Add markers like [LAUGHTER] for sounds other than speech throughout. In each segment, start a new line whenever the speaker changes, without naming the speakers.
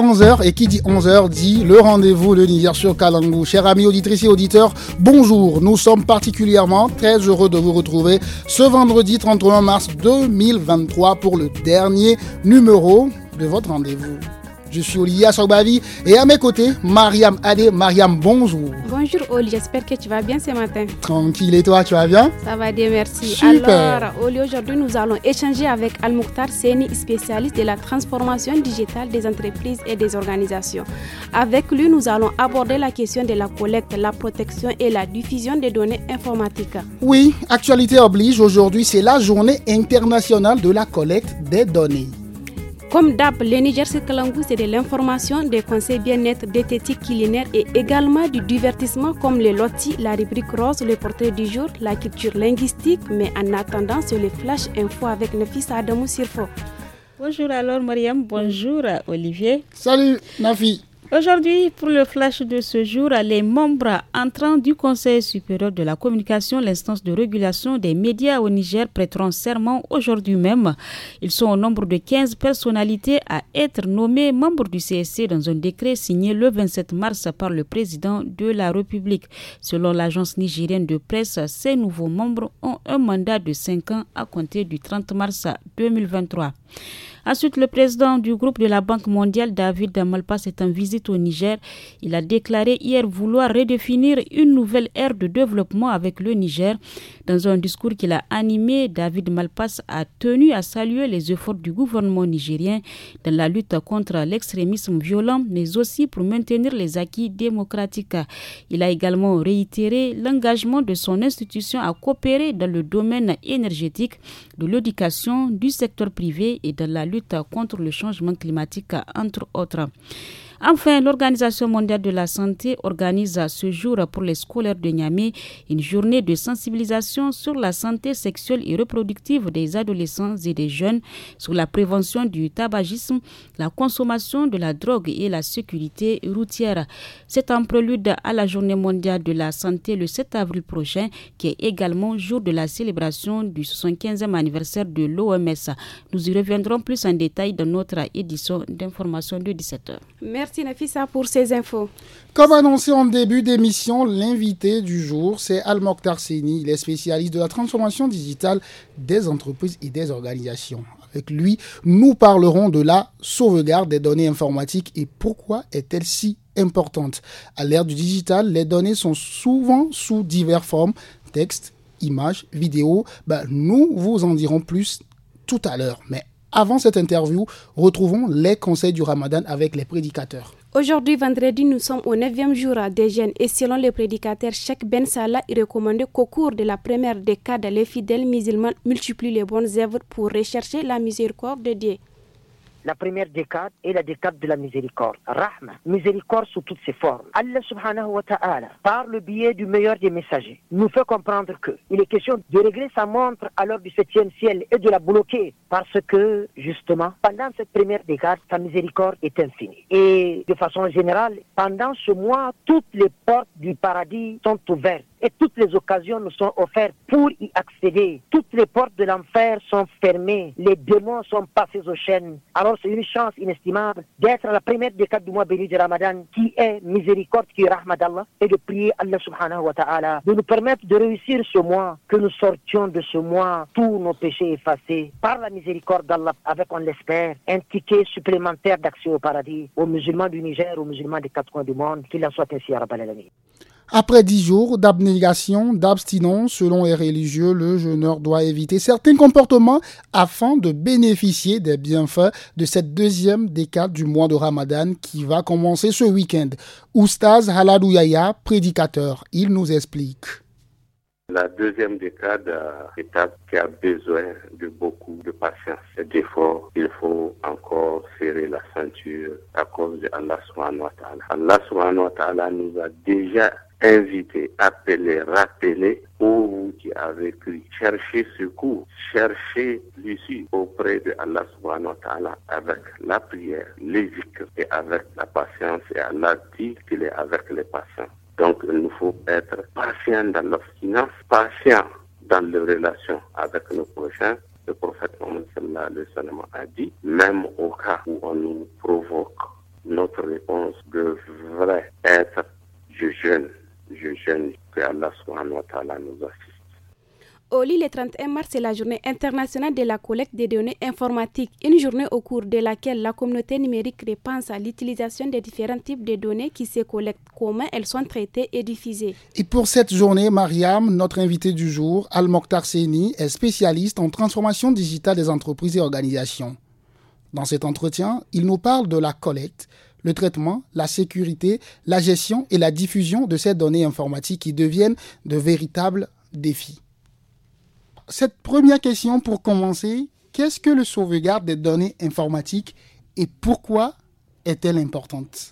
11h. Et qui dit 11h dit le rendez-vous de Niger sur Kalangou. Chers amis auditrices et auditeurs, bonjour. Nous sommes particulièrement très heureux de vous retrouver ce vendredi 31 mars 2023 pour le dernier numéro de votre rendez-vous. Je suis Olivia Sogbavi et à mes côtés, Mariam Adé. Mariam, bonjour.
Bonjour Oli, j'espère que tu vas bien ce matin.
Tranquille et toi, tu vas bien
Ça va bien, merci. Alors Oli, aujourd'hui nous allons échanger avec al mouktar Seni, spécialiste de la transformation digitale des entreprises et des organisations. Avec lui, nous allons aborder la question de la collecte, la protection et la diffusion des données informatiques.
Oui, actualité oblige, aujourd'hui c'est la journée internationale de la collecte des données.
Comme d'hab, le Niger c'est de l'information, des conseils bien-être, d'éthique culinaire et également du divertissement comme les lotis, la rubrique rose, le portrait du jour, la culture linguistique. Mais en attendant, sur les flash info avec fils
Adamou Sirfo. Bonjour alors Mariam, bonjour Olivier. Salut Nafi. Aujourd'hui, pour le flash de ce jour, les membres entrants du Conseil supérieur de la communication, l'instance de régulation des médias au Niger, prêteront serment aujourd'hui même. Ils sont au nombre de 15 personnalités à être nommées membres du CSC dans un décret signé le 27 mars par le président de la République. Selon l'agence nigérienne de presse, ces nouveaux membres ont un mandat de 5 ans à compter du 30 mars 2023. Ensuite, le président du groupe de la Banque mondiale, David Malpass, est en visite au Niger. Il a déclaré hier vouloir redéfinir une nouvelle ère de développement avec le Niger. Dans un discours qu'il a animé, David Malpass a tenu à saluer les efforts du gouvernement nigérien dans la lutte contre l'extrémisme violent, mais aussi pour maintenir les acquis démocratiques. Il a également réitéré l'engagement de son institution à coopérer dans le domaine énergétique, de l'éducation, du secteur privé et dans la lutte lutte contre le changement climatique, entre autres. Enfin, l'Organisation mondiale de la santé organise à ce jour pour les scolaires de Niamey une journée de sensibilisation sur la santé sexuelle et reproductive des adolescents et des jeunes, sur la prévention du tabagisme, la consommation de la drogue et la sécurité routière. C'est en prélude à la journée mondiale de la santé le 7 avril prochain, qui est également jour de la célébration du 75e anniversaire de l'OMS. Nous y reviendrons plus en détail dans notre édition d'information de 17h.
Merci
Nafissa pour ces infos.
Comme annoncé en début d'émission, l'invité du jour, c'est Al-Mokhtar Seni. Il est spécialiste de la transformation digitale des entreprises et des organisations. Avec lui, nous parlerons de la sauvegarde des données informatiques et pourquoi est-elle si importante. À l'ère du digital, les données sont souvent sous diverses formes, texte, images, vidéos. Ben, nous vous en dirons plus tout à l'heure. Mais avant cette interview, retrouvons les conseils du ramadan avec les prédicateurs.
Aujourd'hui, vendredi, nous sommes au neuvième e jour des jeunes et selon les prédicateurs, Sheikh Ben Salah, il recommandait qu'au cours de la première décade, les fidèles musulmans multiplient les bonnes œuvres pour rechercher
la miséricorde de Dieu la première décade est la décade de la miséricorde. Rahma, miséricorde sous toutes ses formes. Allah subhanahu wa ta'ala, par le biais du meilleur des messagers, nous fait comprendre que il est question de régler sa montre à l'heure du septième ciel et de la bloquer parce que, justement, pendant cette première décade, sa miséricorde est infinie. Et de façon générale, pendant ce mois, toutes les portes du paradis sont ouvertes et toutes les occasions nous sont offertes pour y accéder. Toutes les portes de l'enfer sont fermées. Les démons sont passés aux chaînes. Alors c'est une chance inestimable d'être à la première décade du mois béni de Ramadan qui est miséricorde, qui est rahmat d'Allah et de prier Allah subhanahu wa ta'ala de nous permettre de réussir ce mois, que nous sortions de ce mois tous nos péchés effacés par la miséricorde d'Allah avec, on l'espère, un ticket supplémentaire d'accès au paradis aux musulmans du Niger, aux musulmans des quatre coins du monde, qu'il en soit ainsi à Rabbal
après dix jours d'abnégation, d'abstinence, selon les religieux, le jeuneur doit éviter certains comportements afin de bénéficier des bienfaits de cette deuxième décade du mois de Ramadan qui va commencer ce week-end. Oustaz Haladouyaya, prédicateur, il nous explique.
La deuxième décade, euh, étape qui a besoin de beaucoup de patience et d'efforts, il faut encore serrer la ceinture à cause de Allah subhanahu wa ta'ala. Allah subhanahu wa ta'ala nous a déjà inviter, appeler, rappeler pour vous qui avez cru, chercher secours, chercher l'issue auprès de Allah avec la prière, les et avec la patience et Allah dit qu'il est avec les patients. Donc il nous faut être patient dans l'obstinence, patient dans les relations avec nos prochains. Le prophète Mohammed a dit, même au cas où on nous provoque, notre réponse devrait être je jeûne je jeûne le
31 mars, c'est la journée internationale de la collecte des données informatiques, une journée au cours de laquelle la communauté numérique repense à l'utilisation des différents types de données qui se collectent, comment elles sont traitées et diffusées.
Et pour cette journée, Mariam, notre invité du jour, Al-Mokhtar Seni, est spécialiste en transformation digitale des entreprises et organisations. Dans cet entretien, il nous parle de la collecte, le traitement, la sécurité, la gestion et la diffusion de ces données informatiques qui deviennent de véritables défis. Cette première question pour commencer, qu'est-ce que le sauvegarde des données informatiques et pourquoi est-elle importante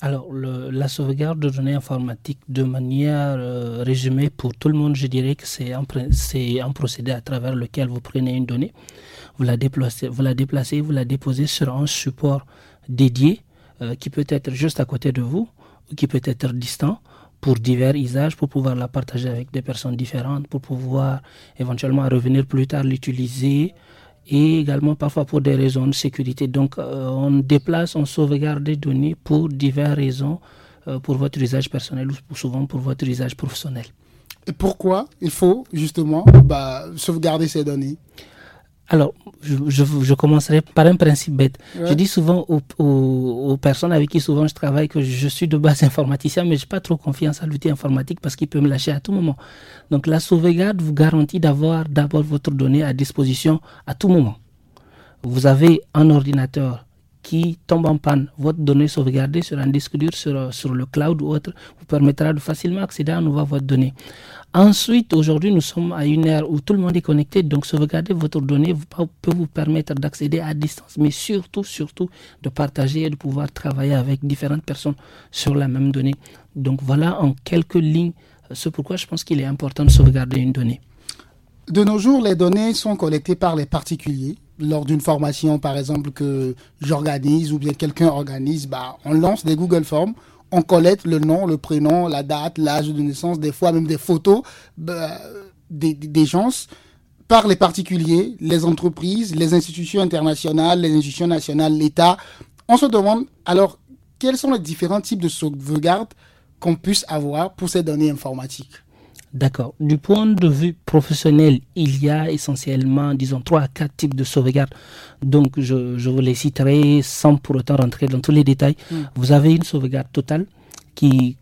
alors, le, la sauvegarde de données informatiques, de manière euh, résumée pour tout le monde, je dirais que c'est un, un, procédé à travers lequel vous prenez une donnée, vous la déplacez, vous la, déplacez, vous la déposez sur un support dédié euh, qui peut être juste à côté de vous, ou qui peut être distant, pour divers usages, pour pouvoir la partager avec des personnes différentes, pour pouvoir éventuellement revenir plus tard l'utiliser, et également parfois pour des raisons de sécurité. Donc euh, on déplace, on sauvegarde des données pour diverses raisons, euh, pour votre usage personnel ou souvent pour votre usage professionnel.
Et pourquoi il faut justement bah, sauvegarder ces données
alors, je, commencerai par un principe bête. Je dis souvent aux, personnes avec qui souvent je travaille que je suis de base [LAUGHS] informaticien, mais je n'ai pas trop confiance à l'outil informatique parce qu'il peut me lâcher à tout moment. Donc, la sauvegarde vous garantit d'avoir d'abord votre donnée à disposition à tout moment. Vous avez un ordinateur qui tombe en panne, votre donnée sauvegardée sur un disque dur, sur, sur le cloud ou autre, vous permettra de facilement accéder à nouveau à votre donnée. Ensuite, aujourd'hui, nous sommes à une ère où tout le monde est connecté, donc sauvegarder votre donnée peut vous permettre d'accéder à distance, mais surtout, surtout, de partager et de pouvoir travailler avec différentes personnes sur la même donnée. Donc voilà en quelques lignes euh, ce pourquoi je pense qu'il est important de sauvegarder une donnée. De nos jours, les données sont collectées par les particuliers.
Lors d'une formation, par exemple, que j'organise ou bien quelqu'un organise, bah, on lance des Google Forms on collecte le nom, le prénom, la date, l'âge de naissance, des fois même des photos bah, des, des gens par les particuliers, les entreprises, les institutions internationales, les institutions nationales, l'État. On se demande alors quels sont les différents types de sauvegardes qu'on puisse avoir pour ces données informatiques
D'accord. Du point de vue professionnel, il y a essentiellement, disons, trois à quatre types de sauvegarde. Donc, je, je vous les citerai sans pour autant rentrer dans tous les détails. Mm. Vous avez une sauvegarde totale qui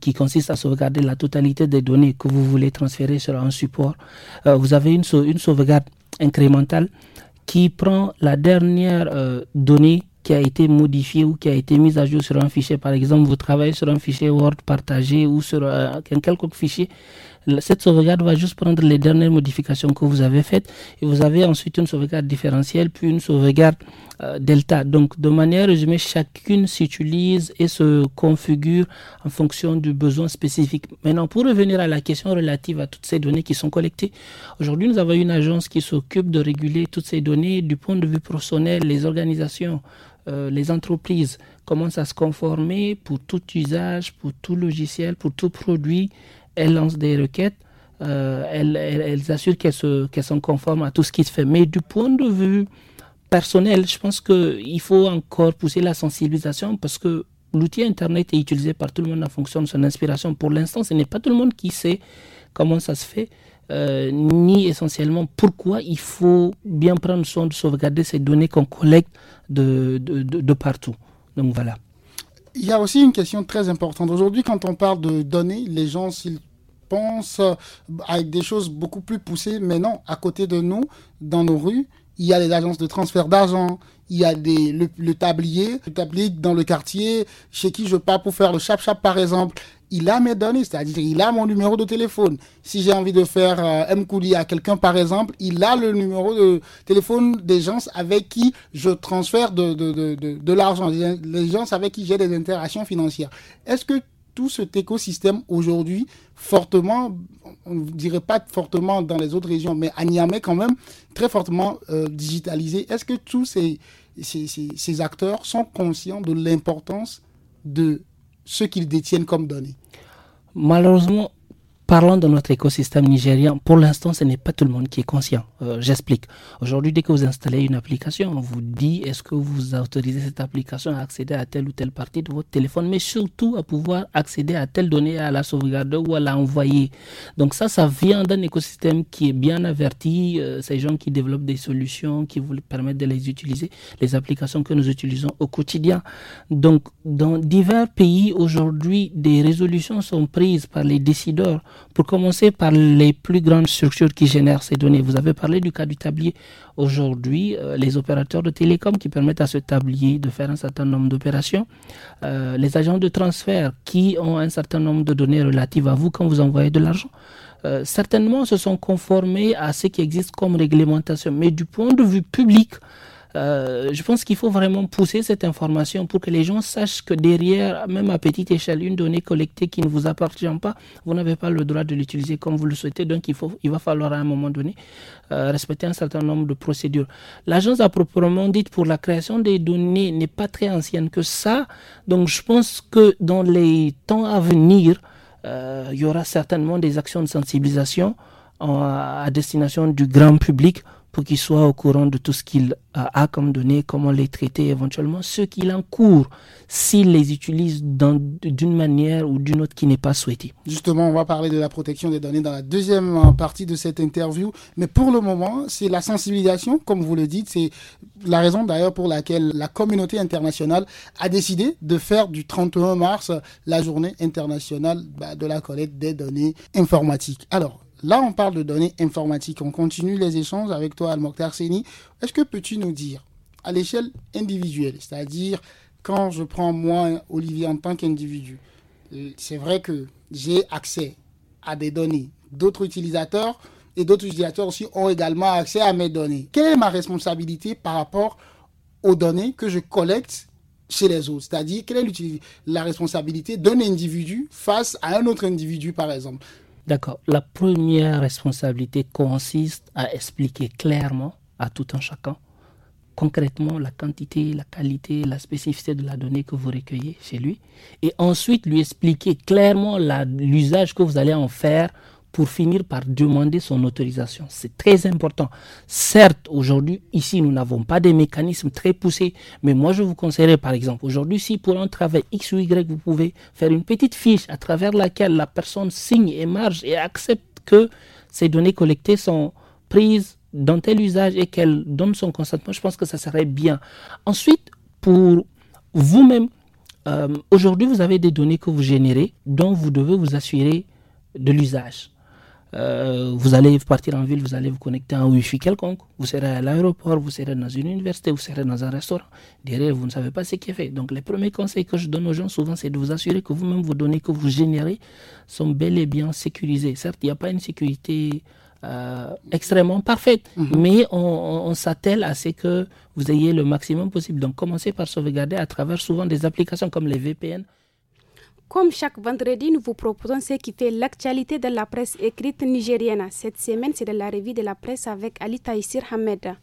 qui consiste à sauvegarder la totalité des données que vous voulez transférer sur un support. Euh, vous avez une, une sauvegarde incrémentale qui prend la dernière euh, donnée qui a été modifié ou qui a été mise à jour sur un fichier. Par exemple, vous travaillez sur un fichier Word partagé ou sur euh, un quelconque fichier. Cette sauvegarde va juste prendre les dernières modifications que vous avez faites et vous avez ensuite une sauvegarde différentielle puis une sauvegarde euh, delta. Donc, de manière résumée, chacune s'utilise et se configure en fonction du besoin spécifique. Maintenant, pour revenir à la question relative à toutes ces données qui sont collectées, aujourd'hui, nous avons une agence qui s'occupe de réguler toutes ces données du point de vue personnel, les organisations euh, les entreprises commencent à se conformer pour tout usage, pour tout logiciel, pour tout produit. Elles lancent des requêtes, euh, elles, assurent qu'elles sont conformes à tout ce qui se fait. Mais du point de vue personnel, je pense qu'il faut encore pousser la sensibilisation parce que l'outil Internet est utilisé par tout le monde en fonction de son inspiration. Pour l'instant, ce n'est pas tout le monde qui sait comment ça se fait. Euh, ni essentiellement pourquoi il faut bien prendre soin de sauvegarder ces données qu'on collecte de, de, de, partout. Donc voilà.
Il y a aussi une question très importante. Aujourd'hui, quand on parle de données, les gens, s'ils pensent avec des choses beaucoup plus poussées, mais non, à côté de nous, dans nos rues, il y a les agences de transfert d'argent, il y a des, le, tablier, le tablier dans le quartier, chez qui je pars pour faire le chap-chap par exemple, il a mes données, c'est-à-dire il a mon numéro de téléphone. Si j'ai envie de faire euh, Mkouli à quelqu'un par exemple, il a le numéro de téléphone des gens avec qui je transfère de, de, l'argent, les gens avec qui j'ai des interactions financières. Est-ce que tout cet écosystème aujourd'hui, fortement, on ne dirait pas fortement dans les autres régions, mais à Niamey quand même, très fortement euh, digitalisé. Est-ce que tous ces, ces, acteurs sont conscients de l'importance de ce qu'ils détiennent comme données
Malheureusement, Parlons de notre écosystème nigérien, pour l'instant, ce n'est pas tout le monde qui est conscient. Euh, j'explique. Aujourd'hui, dès que vous installez une application, on vous dit est-ce que vous autorisez cette application à accéder à telle ou telle partie de votre téléphone, mais surtout à pouvoir accéder à telle donnée, à la sauvegarder ou à la envoyer. Donc ça, ça vient d'un écosystème qui est bien averti. Euh, ces gens qui développent des solutions qui vous permettent de les utiliser, les applications que nous utilisons au quotidien. Donc dans divers pays aujourd'hui, des résolutions sont prises par les décideurs pour commencer par les plus grandes structures qui génèrent ces données. Vous avez parlé du cas du tablier. Aujourd'hui, euh, les opérateurs de télécom qui permettent à ce tablier de faire un certain nombre d'opérations, euh, les agents de transfert qui ont un certain nombre de données relatives à vous quand vous envoyez de l'argent, euh, certainement se sont conformés à ce qui existe comme réglementation. Mais du point de vue public, euh, je pense qu'il faut vraiment pousser cette information pour que les gens sachent que derrière, même à petite échelle, une donnée collectée qui ne vous appartient pas, vous n'avez pas le droit de l'utiliser comme vous le souhaitez. Donc, il, faut, il va falloir à un moment donné euh, respecter un certain nombre de procédures. L'agence à proprement dite pour la création des données n'est pas très ancienne que ça. Donc, je pense que dans les temps à venir, euh, il y aura certainement des actions de sensibilisation à destination du grand public pour qu'il soit au courant de tout ce qu'il a comme données, comment les traiter éventuellement, ce qu'il encourt s'il les utilise d'une manière ou d'une autre qui n'est pas souhaitée.
Justement, on va parler de la protection des données dans la deuxième euh, partie de cette interview, mais pour le moment, c'est la sensibilisation, comme vous le dites, c'est la raison d'ailleurs pour laquelle la communauté internationale a décidé de faire du 31 mars la journée internationale bah, de la collecte des données informatiques. Alors, Là, on parle de données informatiques. On continue les échanges avec toi, Al-Mokhtar Est-ce que peux-tu nous dire, à l'échelle individuelle, c'est-à-dire quand je prends moi, Olivier, en tant qu'individu, euh, c'est vrai que j'ai accès à des données d'autres utilisateurs et d'autres utilisateurs aussi ont également accès à mes données. Quelle est ma responsabilité par rapport aux données que je collecte chez les autres C'est-à-dire, quelle est la responsabilité d'un individu face à un autre individu, par exemple
D'accord. La première responsabilité consiste à expliquer clairement à tout un chacun concrètement la quantité, la qualité, la spécificité de la donnée que vous recueillez chez lui, et ensuite lui expliquer clairement l'usage que vous allez en faire pour finir par demander son autorisation. C'est très important. Certes, aujourd'hui, ici, nous n'avons pas des mécanismes très poussés, mais moi, je vous conseillerais, par exemple, aujourd'hui, si pour un travail X ou Y, vous pouvez faire une petite fiche à travers laquelle la personne signe et marche et accepte que ces données collectées sont prises dans tel usage et qu'elle donne son consentement, je pense que ça serait bien. Ensuite, pour vous-même, euh, aujourd'hui, vous avez des données que vous générez dont vous devez vous assurer de l'usage. Euh, vous allez partir en ville, vous allez vous connecter à un wi quelconque, vous serez à l'aéroport, vous serez dans une université, vous serez dans un restaurant. Derrière, vous ne savez pas ce qui est fait. Donc, les premiers conseils que je donne aux gens souvent, c'est de vous assurer que vous-même, vos données que vous générez sont bel et bien sécurisées. Certes, il n'y a pas une sécurité euh, extrêmement parfaite. Mhm. Mais on, on, on s'attelle à ce que vous ayez le maximum possible. Donc commencez par sauvegarder à travers souvent des applications comme les VPN.
Comme chaque vendredi, nous vous proposons ce qui fait l'actualité de la presse écrite nigérienne. Cette semaine, c'est de la revue de la presse avec Ali Taïsir Hamed.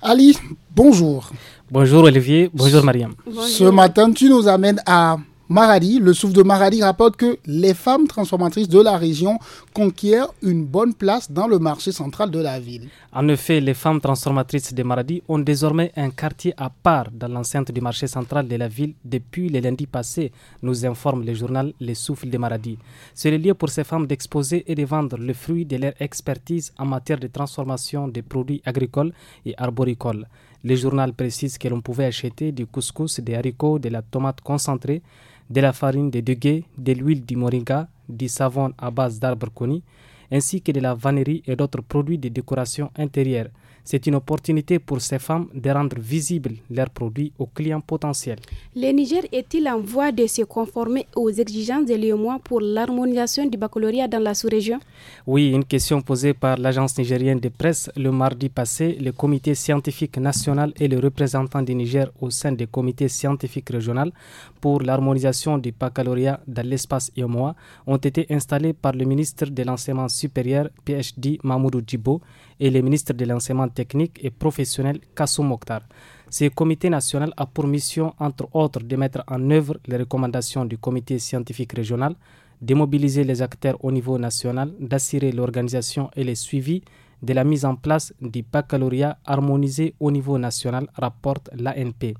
Ali,
bonjour.
Bonjour Olivier, bonjour Mariam.
Ce matin, tu nous amènes à le souffle de Maradi, rapporte que les femmes transformatrices de la région conquièrent une bonne place dans le marché central de la ville.
En effet, les femmes transformatrices de Maradi ont désormais un quartier à part dans l'enceinte du marché central de la ville depuis le lundi passé, nous informe le journal Le Souffle de Maradi. C'est le lieu pour ces femmes d'exposer et de vendre le fruit de leur expertise en matière de transformation des produits agricoles et arboricoles. Le journal précise que l'on pouvait acheter du couscous, des haricots, de la tomate concentrée, de la farine de duguay, de l'huile du moringa, du savon à base d'arbre connus, ainsi que de la vannerie et d'autres produits de décoration intérieure. C'est une opportunité pour ces femmes de rendre visibles leurs produits aux clients potentiels.
Le Niger est-il en voie de se conformer aux exigences de l'UEMOA pour l'harmonisation du baccalauréat dans la sous-région
Oui, une question posée par l'agence nigérienne de presse le mardi passé. Le comité scientifique national et le représentant du Niger au sein des comités scientifiques régional pour l'harmonisation du baccalauréat dans l'espace IOMOA ont été installés par le ministre de l'enseignement supérieur PhD Mamoudou Djibo et le ministre de l'enseignement technique et professionnel Kassou Mokhtar. Ce comité national a pour mission, entre autres, de mettre en œuvre les recommandations du comité scientifique régional, de mobiliser les acteurs au niveau national, d'assurer l'organisation et le suivi de la mise en place du baccalauréat harmonisé au niveau national, rapporte l'ANP.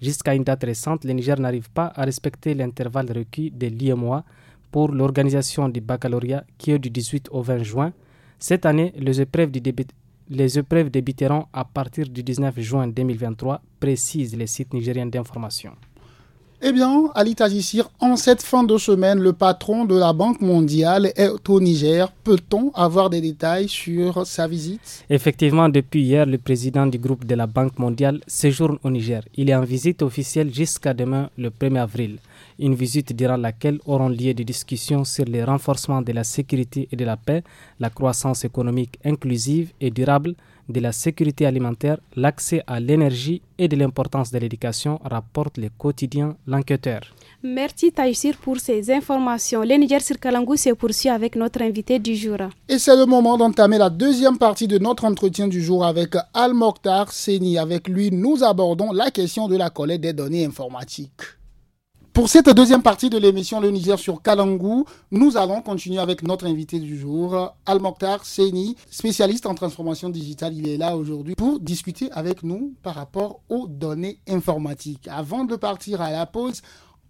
Jusqu'à une date récente, le Niger n'arrive pas à respecter l'intervalle requis de l'IMOA pour l'organisation du baccalauréat qui est du 18 au 20 juin. Cette année, les épreuves du, début les épreuves débuteront à partir du 19 juin 2023, précisent les sites nigériens d'information.
Eh bien, Ali Tajissir, en cette fin de semaine, le patron de la Banque mondiale est au Niger. Peut-on avoir des détails sur sa visite
Effectivement, depuis hier, le président du groupe de la Banque mondiale séjourne au Niger. Il est en visite officielle jusqu'à demain, le 1er avril une visite durant laquelle auront lieu des discussions sur les renforcements de la sécurité et de la paix, la croissance économique inclusive et durable, de la sécurité alimentaire, l'accès à l'énergie et de l'importance de l'éducation, rapporte le quotidien L'Enquêteur.
Merci Taïsir pour ces informations. Le Niger sur se poursuit avec notre invité du jour.
Et c'est le moment d'entamer la deuxième partie de notre entretien du jour avec Al Mokhtar Seni. Avec lui, nous abordons la question de la collecte des données informatiques. Pour cette deuxième partie de l'émission Le Niger sur Kalangou, nous allons continuer avec notre invité du jour, Al-Mokhtar Seni, spécialiste en transformation digitale. Il est là aujourd'hui pour discuter avec nous par rapport aux données informatiques. Avant de partir à la pause,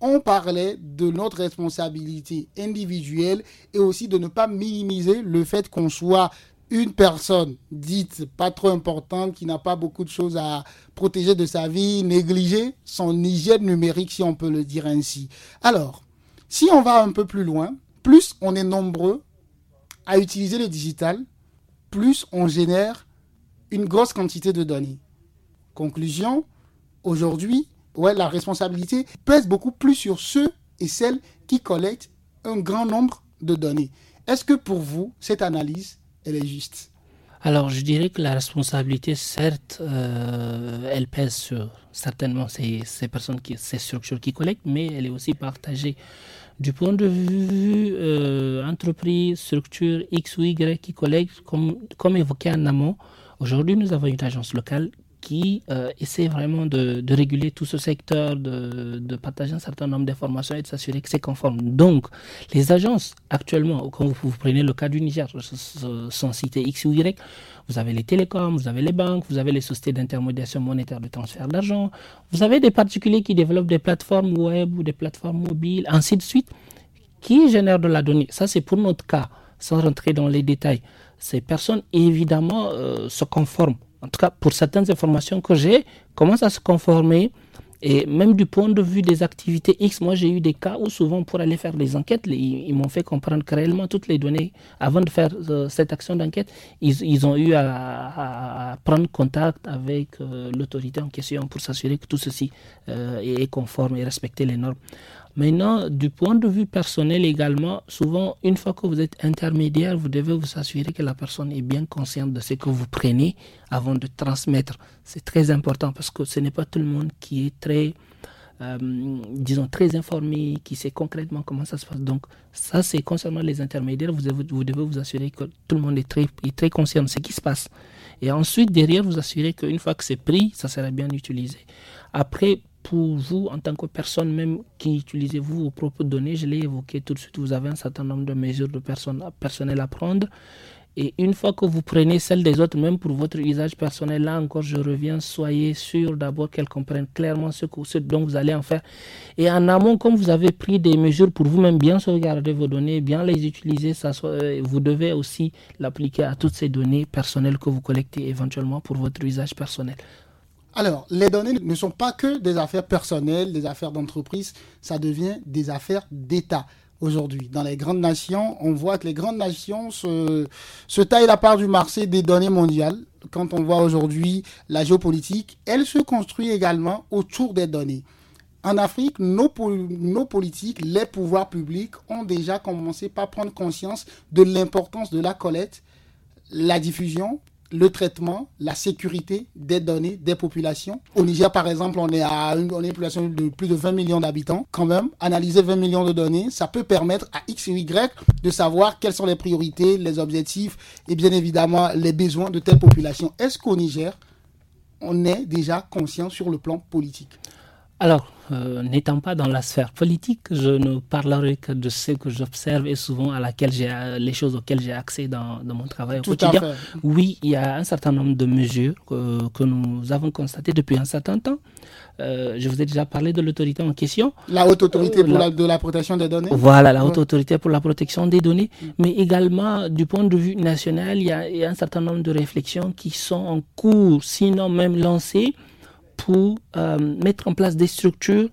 on parlait de notre responsabilité individuelle et aussi de ne pas minimiser le fait qu'on soit une personne dite pas trop importante, qui n'a pas beaucoup de choses à protéger de sa vie, négliger son hygiène numérique, si on peut le dire ainsi. Alors, si on va un peu plus loin, plus on est nombreux à utiliser le digital, plus on génère une grosse quantité de données. Conclusion, aujourd'hui, ouais, la responsabilité pèse beaucoup plus sur ceux et celles qui collectent un grand nombre de données. Est-ce que pour vous, cette analyse elle est juste
alors, je dirais que la responsabilité, certes, euh, elle pèse sur certainement ces, personnes, qui, ces structures qui collectent, mais elle est aussi partagée. Du point de vue euh, entreprise, structure X ou Y qui collecte, comme, comme évoqué en amont, aujourd'hui, nous avons une agence locale qui euh, essaie vraiment de, réguler tout ce secteur, de, partager un certain nombre d'informations et de s'assurer que c'est conforme. Donc, les agences actuellement, quand vous, prenez le cas du Niger, sans citer X ou Y, vous avez les télécoms, vous avez les banques, vous avez les sociétés d'intermédiation monétaire de transfert d'argent, vous avez des particuliers qui développent des plateformes web ou des plateformes mobiles, ainsi de suite, qui génèrent de la donnée. Ça, c'est pour notre cas, sans rentrer dans les détails. Ces personnes, évidemment, euh, se conforment en tout cas pour certaines informations que j'ai, commencent à se conformer. Et même du point de vue des activités X, moi j'ai eu des cas où souvent pour aller faire les enquêtes, ils, m'ont fait comprendre que réellement toutes les données, avant de faire euh, cette action d'enquête, ils, ont eu à, prendre contact avec euh, l'autorité en question pour s'assurer que tout ceci euh, est conforme et respecter les normes. Maintenant, du point de vue personnel également, souvent, une fois que vous êtes intermédiaire, vous devez vous assurer que la personne est bien consciente de ce que vous prenez avant de transmettre. C'est très important parce que ce n'est pas tout le monde qui est très, euh, disons, très informé, qui sait concrètement comment ça se passe. Donc, ça, c'est concernant les intermédiaires, vous, vous devez vous assurer que tout le monde est très, est très conscient de ce qui se passe. Et ensuite, derrière, vous assurez qu'une fois que c'est pris, ça sera bien utilisé. Après, pour vous, en tant que personne même qui utilisez vous, vos propres données, je l'ai évoqué tout de suite, vous avez un certain nombre de mesures de personnes, personnelles à prendre. Et une fois que vous prenez celles des autres, même pour votre usage personnel, là encore, je reviens, soyez sûr d'abord qu'elles comprennent clairement ce, que, dont vous allez en faire. Et en amont, comme vous avez pris des mesures pour vous-même, bien sauvegarder vos données, bien les utiliser, ça euh, vous devez aussi l'appliquer à toutes ces données personnelles que vous collectez éventuellement pour votre usage personnel.
Alors, les données ne sont pas que des affaires personnelles, des affaires d'entreprise, ça devient des affaires d'État aujourd'hui. Dans les grandes nations, on voit que les grandes nations se, se taillent la part du marché des données mondiales. Quand on voit aujourd'hui la géopolitique, elle se construit également autour des données. En Afrique, nos, nos, politiques, les pouvoirs publics ont déjà commencé par prendre conscience de l'importance de la collecte, la diffusion le traitement, la sécurité des données des populations. Au Niger, par exemple, on est à une, population de plus de 20 millions d'habitants. Quand même, analyser 20 millions de données, ça peut permettre à X et Y de savoir quelles sont les priorités, les objectifs et bien évidemment les besoins de telle population. Est-ce qu'au Niger, on est déjà conscient sur le plan politique
Alors, euh, n'étant pas dans la sphère politique, je ne parlerai que de ce que j'observe et souvent à laquelle j'ai euh, les choses auxquelles j'ai accès dans, mon travail au Tout quotidien. Oui, il y a un certain nombre de mesures euh, que, nous avons constatées depuis un certain temps. je vous ai déjà parlé de l'autorité en question. La haute autorité pour la... de la protection des données. Voilà, la haute autorité pour la protection des données. Mais également, du point de vue national, il y, il y, a, un certain nombre de réflexions qui sont en cours, sinon même lancées, pour euh, mettre en place des structures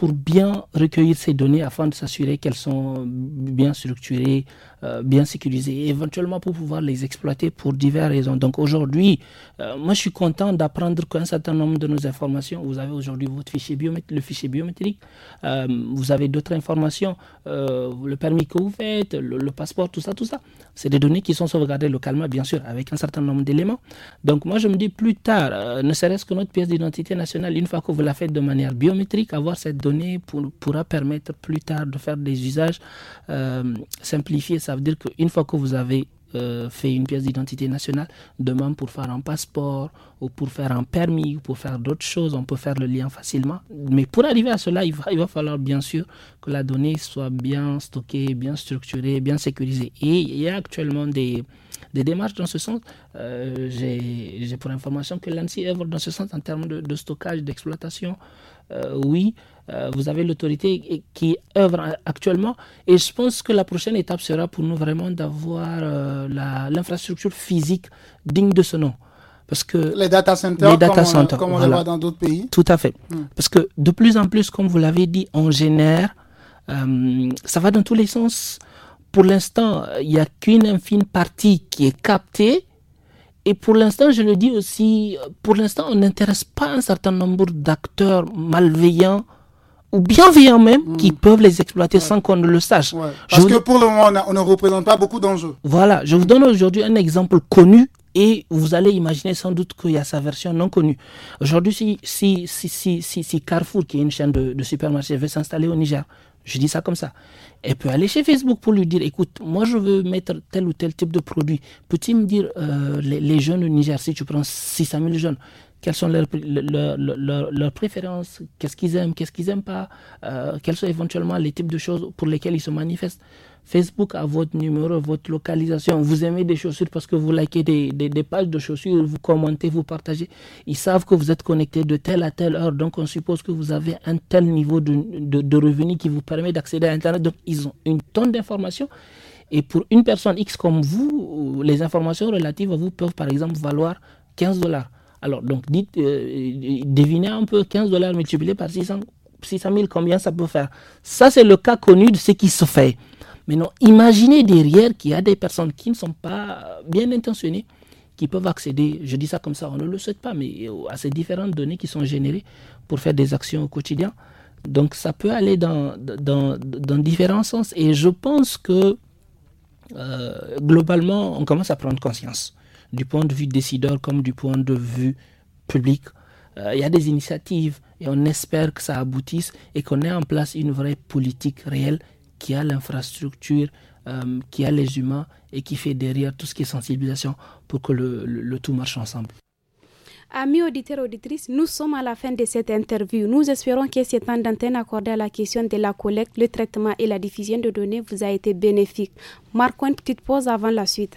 pour bien recueillir ces données afin de s'assurer qu'elles sont bien structurées, euh, bien sécurisées, éventuellement pour pouvoir les exploiter pour diverses raisons. Donc aujourd'hui, euh, moi je suis content d'apprendre qu'un certain nombre de nos informations, vous avez aujourd'hui votre fichier biométrique, le fichier biométrique, euh, vous avez d'autres informations, le permis que vous faites, le, le passeport, tout ça, tout ça. C'est des données qui sont sauvegardées localement, bien sûr, avec un certain nombre d'éléments. Donc moi je me dis plus tard, ne serait-ce que notre pièce d'identité nationale, une fois que vous la faites de manière biométrique, avoir cette donnée pour, pourra permettre plus tard de faire des usages euh, simplifiés. Ça veut dire qu'une fois que vous avez euh, fait une pièce d'identité nationale, demain pour faire un passeport ou pour faire un permis ou pour faire d'autres choses, on peut faire le lien facilement. Mais pour arriver à cela, il va, il va falloir bien sûr que la donnée soit bien stockée, bien structurée, bien sécurisée. Et il y a actuellement des, démarches dans ce sens. Euh, j'ai pour information que l'ANSI œuvre dans ce sens en termes de, stockage, d'exploitation. oui, euh, vous avez l'autorité qui œuvre actuellement. Et je pense que la prochaine étape sera pour nous vraiment d'avoir euh, l'infrastructure physique digne de ce nom. Parce que les data centers, les data comme, centers, on, le voit dans d'autres pays. Tout à fait. Hmm. Parce que de plus en plus, comme vous l'avez dit, on génère, euh, ça va dans tous les sens. Pour l'instant, il n'y a qu'une infime partie qui est captée. Et pour l'instant, je le dis aussi, pour l'instant, on n'intéresse pas un certain nombre d'acteurs malveillants ou bienveillants même qui mm. peuvent les exploiter sans qu'on ne le sache. Parce que pour le moment, on, ne représente pas beaucoup d'enjeux. Voilà, je vous donne aujourd'hui un exemple connu et vous allez imaginer sans doute qu'il y a sa version non connue. Aujourd'hui, si, si, si, Carrefour, qui est une chaîne de, supermarché, supermarchés, veut s'installer au Niger, je dis ça comme ça. Elle peut aller chez Facebook pour lui dire, écoute, moi je veux mettre tel ou tel type de produit. Peux-tu me dire, euh, les, les, jeunes au Niger, si tu prends 600 000 jeunes, quelles sont leurs, préférences, qu'est-ce qu'ils aiment, qu'est-ce qu'ils n'aiment pas, euh, quels sont éventuellement les types de choses pour lesquelles ils se manifestent. Facebook a votre numéro, votre localisation. Vous aimez des chaussures parce que vous likez des, pages de chaussures, vous commentez, vous partagez. Ils savent que vous êtes connecté de telle à telle heure. Donc, on suppose que vous avez un tel niveau de, de, de revenus qui vous permet d'accéder à Internet. Donc, ils ont une tonne d'informations. Et pour une personne X comme vous, les informations relatives à vous peuvent, par exemple, valoir 15 dollars. Alors, donc, dites, euh, devinez un peu 15 dollars multipliés par 600, 000, combien ça peut faire Ça, c'est le cas connu de ce qui se fait. Maintenant, imaginez derrière qu'il y a des personnes qui ne sont pas bien intentionnées, qui peuvent accéder, je dis ça comme ça, on ne le souhaite pas, mais euh, à ces différentes données qui sont générées pour faire des actions au quotidien. Donc ça peut aller dans, dans, différents sens et je pense que euh, globalement, on commence à prendre conscience du point de vue décideur comme du point de vue public. il euh, y a des initiatives et on espère que ça aboutisse et qu'on ait en place une vraie politique réelle qui a l'infrastructure, euh, qui a les humains et qui fait derrière tout ce qui est sensibilisation pour que le, tout marche ensemble.
Amis auditeurs, auditrices, nous sommes à la fin de cette interview. Nous espérons que ces temps d'antenne accordé à la question de la collecte, le traitement et la diffusion de données vous a été bénéfique. Marquons une petite pause avant la suite.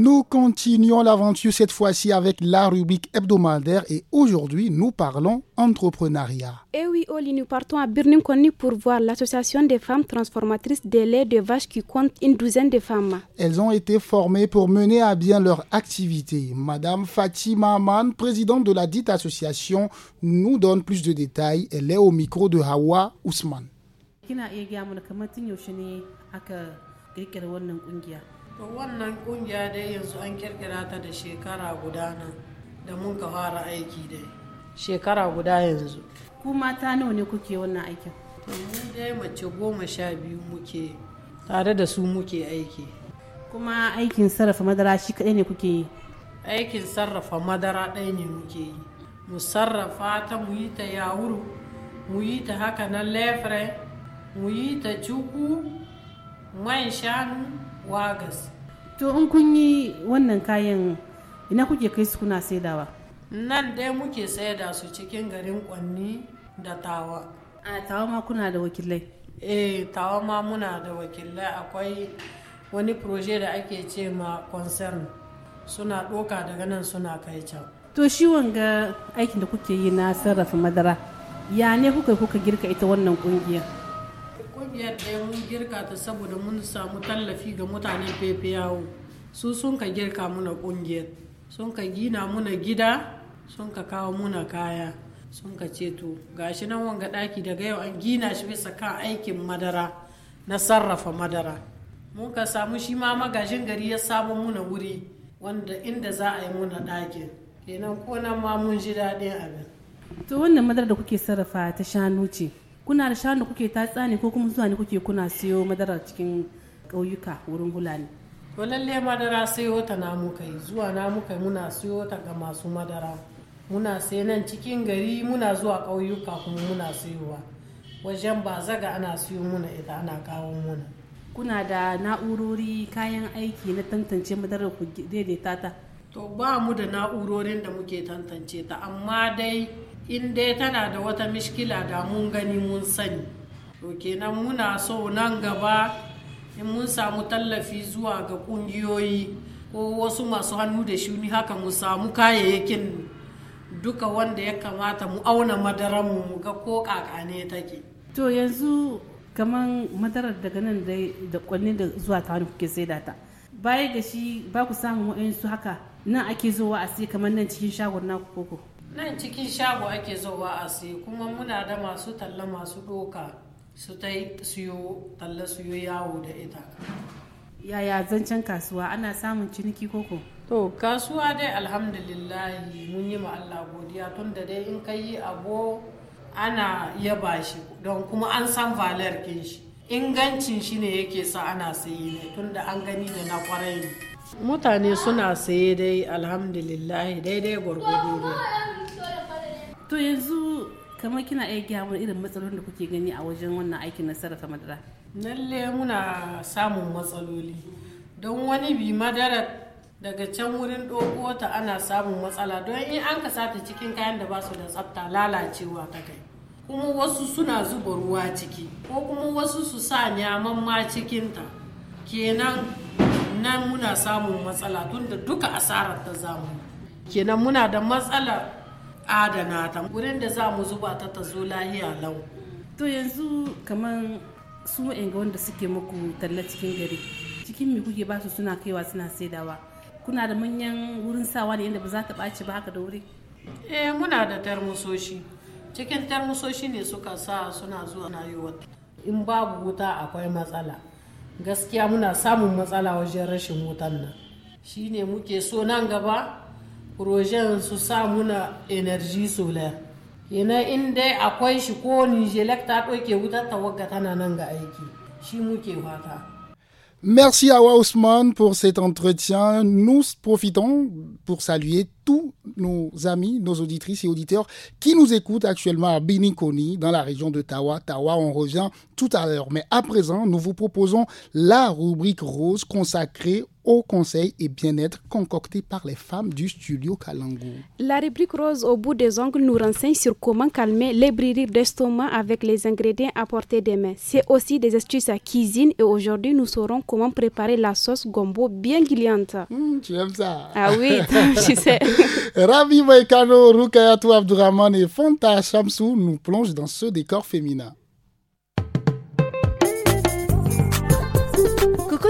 Nous continuons l'aventure cette fois-ci avec la rubrique hebdomadaire et aujourd'hui nous parlons entrepreneuriat.
Eh oui, Oli, nous partons à Koni pour voir l'association des femmes transformatrices des laits de vache qui compte une douzaine de femmes.
Elles ont été formées pour mener à bien leur activité. Madame Fatima Aman, présidente de la dite association, nous donne plus de détails. Elle est au micro de Hawa Ousmane.
to wannan kungiya dai yanzu an kirkira ta da shekara guda nan da mun ka fara aiki dai
shekara guda yanzu ku mata nawa ne kuke wannan aikin
to mu dai mace goma sha biyu muke tare da su muke aiki kuma aikin sarrafa
madara shi kaɗai ne kuke yi
aikin sarrafa madara ɗaya ne muke yi mu sarrafa ta mu yi ta yawuru mu yi ta haka na lefre mu yi ta cuku man shanu wagas
to in kun yi wannan kayan ina kuke kai su kuna saidawa
nan dai muke saida su cikin garin kwanni da tawa a tawa ma kuna da wakilai eh tawa ma muna da wakilai akwai wani proje da ake ce ma concern suna ɗoka daga nan suna kai can
to shi wanga aikin da kuke yi na sarrafa madara ya ne kuka kuka girka ita wannan kungiyar
ƙungiyar ɗaya mun girka ta saboda mun samu tallafi ga mutanen fefeyawo su sun ka girka muna ƙungiyar sun ka gina muna gida sun ka kawo muna kaya sun ka ceto gashi nan wanga ɗaki daga yau an gina shi bisa kan aikin madara na sarrafa madara mun ka samu shi ma magajin gari ya samu muna wuri wanda inda za a yi muna ɗakin kenan ko nan ma mun ji daɗin abin to wannan madara
da kuke sarrafa ta shanu ce kuna da shanu kuke tatsa ne ko kuma zuwa ne kuke kuna siyo madara cikin ƙauyuka wurin hulani
to lalle madara sai ta na muka zuwa na muka muna siyo ta ga masu madara muna sai nan cikin gari muna zuwa ƙauyuka kuma muna siyowa wajen ba zaga ana siyo muna ita ana kawo muna
kuna da na'urori kayan aiki na tantance madarar ku daidaita ta
to ba mu da na'urorin da muke tantance ta amma dai in dai tana da wata mishkila da mun gani mun sani to kenan muna so nan gaba in mun samu tallafi zuwa ga kungiyoyi ko wasu masu hannu da shuni haka mu samu kayayyakin duka wanda ya kamata mu auna madaranmu mu ga ko kakane take
to yanzu kamar madarar daga nan da kwanne da zuwa ta wani kuke saida ta baya ga shi ba ku samun su haka nan ake zowa a sai kamar nan cikin shagon naku koko
nan cikin shago ake zowa a sai kuma muna da masu talla masu doka su ta siyo talla siyo yawo da ita
yaya zancen kasuwa ana samun ciniki koko
to kasuwa dai alhamdulillahi mun yi ma Allah godiya tun da dai in ka yi abu ana yaba shi don kuma an san valar kin shi ingancin shi ne yake sa ana sayi ne tun da an gani da na kwarai ne mutane suna saye dai alhamdulillah daidai gwargwado
ne
to yanzu
kamar kina iya gyara irin matsalolin da kuke gani a wajen wannan aikin na sarrafa madara
lalle muna samun matsaloli don wani bi madara daga can wurin ɗauko ta ana samun matsala don in an ka sata cikin kayan da basu da tsafta lalacewa ta kai kuma wasu suna zuba ruwa ciki ko kuma wasu su sa nyaman ma cikinta kenan nan muna samun matsala tun da duka asarar ta zamu kenan muna da matsalar adana ta wurin da za mu zuba ta ta zo lahiya lau to yanzu kamar su ga wanda suke
muku talla cikin gari cikin me kuke basu suna kaiwa suna saidawa kuna da manyan
wurin sawa da yadda ba za ta ɓaci ba haka da wuri eh muna da tarmusoshi cikin tarmusoshi ne suka sa suna zuwa na yi wata in babu wuta akwai matsala gaskiya muna samun matsala wajen rashin wutan nan shine muke so nan gaba projen su sa muna energy solar yana in dai akwai shi ko nijelek ta ɗauke wutar tawagga tana nan ga aiki shi muke fata
Merci à Wausman pour cet entretien. Nous profitons pour saluer tous nos amis, nos auditrices et auditeurs qui nous écoutent actuellement à Binikoni, dans la région de Tawa. Tawa, on revient tout à l'heure. Mais à présent, nous vous proposons la rubrique rose consacrée au conseil et bien-être concocté par les femmes du studio Kalango.
La rubrique rose au bout des ongles nous renseigne sur comment calmer les brûlures d'estomac avec les ingrédients apportés des mains. C'est aussi des astuces à cuisine et aujourd'hui nous saurons comment préparer la sauce gombo bien guillante. Hum, tu aimes ça Ah oui, [LAUGHS] tu
sais. [LAUGHS] Ravi Moekano, Rukayatou Abdourahman et Fonta Shamsou nous plongent dans ce décor féminin.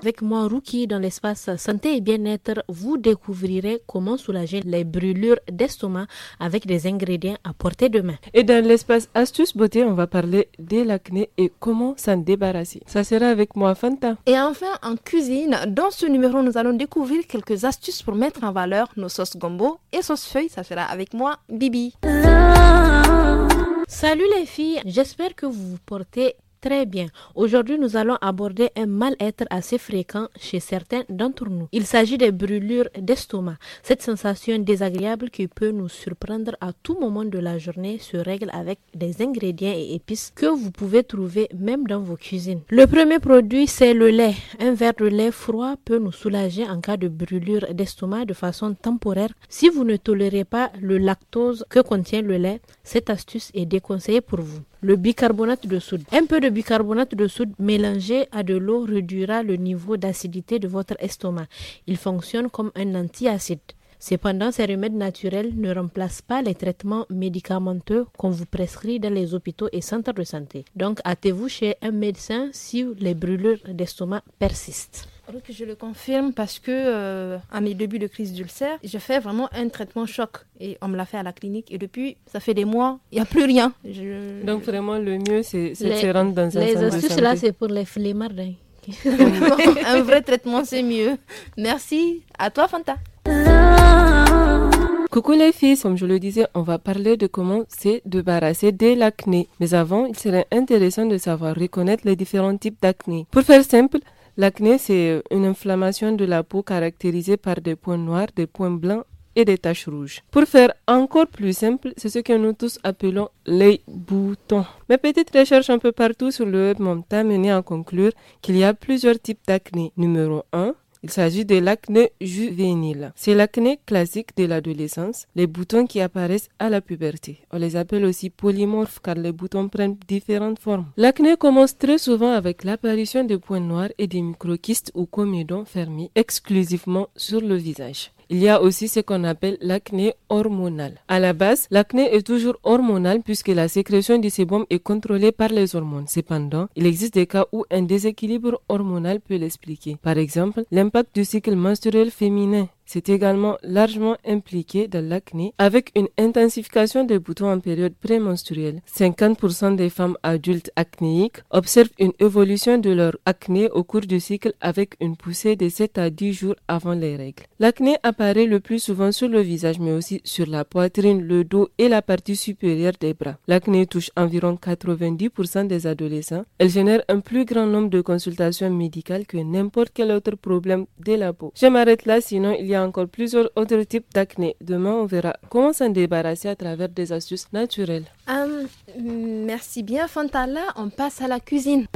Avec moi, Rookie, dans l'espace santé et bien-être, vous découvrirez comment soulager les
brûlures d'estomac avec des ingrédients à portée de main. Et dans l'espace astuces beauté, on va parler de l'acné et comment s'en débarrasser. Ça sera avec moi, Fanta. Et enfin, en cuisine, dans ce numéro, nous allons découvrir quelques astuces pour mettre en valeur nos sauces gombo
et sauces feuilles. Ça sera avec moi, Bibi. Salut les filles,
j'espère que vous vous portez Très bien. Aujourd'hui, nous allons aborder un mal-être assez fréquent chez certains d'entre nous. Il s'agit des brûlures d'estomac. Cette sensation désagréable qui peut nous surprendre à tout moment de la journée se règle avec des ingrédients et épices que vous pouvez trouver même dans vos cuisines. Le premier produit, c'est le lait. Un verre de lait froid peut nous soulager en cas de brûlure d'estomac de façon temporaire. Si vous ne tolérez pas le lactose que contient le lait, cette astuce est déconseillée pour vous. Le bicarbonate de soude. Un peu de bicarbonate de soude mélangé à de l'eau réduira le niveau d'acidité de votre estomac. Il fonctionne comme un antiacide. Cependant, ces remèdes naturels ne remplacent pas les traitements médicamenteux qu'on vous prescrit dans les hôpitaux et centres de santé. Donc, hâtez-vous chez un médecin si les brûlures d'estomac persistent.
Je le confirme parce que euh, à mes débuts de crise d'ulcère, je fais vraiment un traitement choc et on me l'a fait à la clinique et depuis ça fait des mois, il n'y a plus rien. Donc vraiment
le mieux c'est de se rendre dans un les astuces, là
c'est pour les flemmards. [LAUGHS] un vrai traitement c'est mieux. Merci
à toi Fanta. Coucou les filles, comme je le disais, on va parler de comment se débarrasser de l'acné. Mais avant, il serait intéressant de savoir reconnaître les différents types d'acné. Pour faire simple, L'acné, c'est une inflammation de la peau caractérisée par des points noirs, des points blancs et des taches rouges. Pour faire encore plus simple, c'est ce que nous tous appelons les boutons. Mes petites recherches un peu partout sur le web m'ont amené à conclure qu'il y a plusieurs types d'acné. Numéro 1, il s'agit de l'acné juvénile. C'est l'acné classique de l'adolescence, les boutons qui apparaissent à la puberté. On les appelle aussi polymorphes car les boutons prennent différentes formes. L'acné commence très souvent avec l'apparition de points noirs et des microquistes ou comédons fermés exclusivement sur le visage. Il y a aussi ce qu'on appelle l'acné hormonale. À la base, l'acné est toujours hormonale puisque la sécrétion du sébum est contrôlée par les hormones. Cependant, il existe des cas où un déséquilibre hormonal peut l'expliquer. Par exemple, l'impact du cycle menstruel féminin c'est également largement impliqué dans l'acné avec une intensification des boutons en période prémenstruelle. 50% des femmes adultes acnéiques observent une évolution de leur acné au cours du cycle avec une poussée de 7 à 10 jours avant les règles. L'acné apparaît le plus souvent sur le visage mais aussi sur la poitrine, le dos et la partie supérieure des bras. L'acné touche environ 90% des adolescents. Elle génère un plus grand nombre de consultations médicales que n'importe quel autre problème de la peau. Je m'arrête là sinon il y encore plusieurs autres types d'acné. Demain, on verra comment s'en débarrasser à travers des astuces naturelles.
merci bien, Fantala. On passe à la cuisine.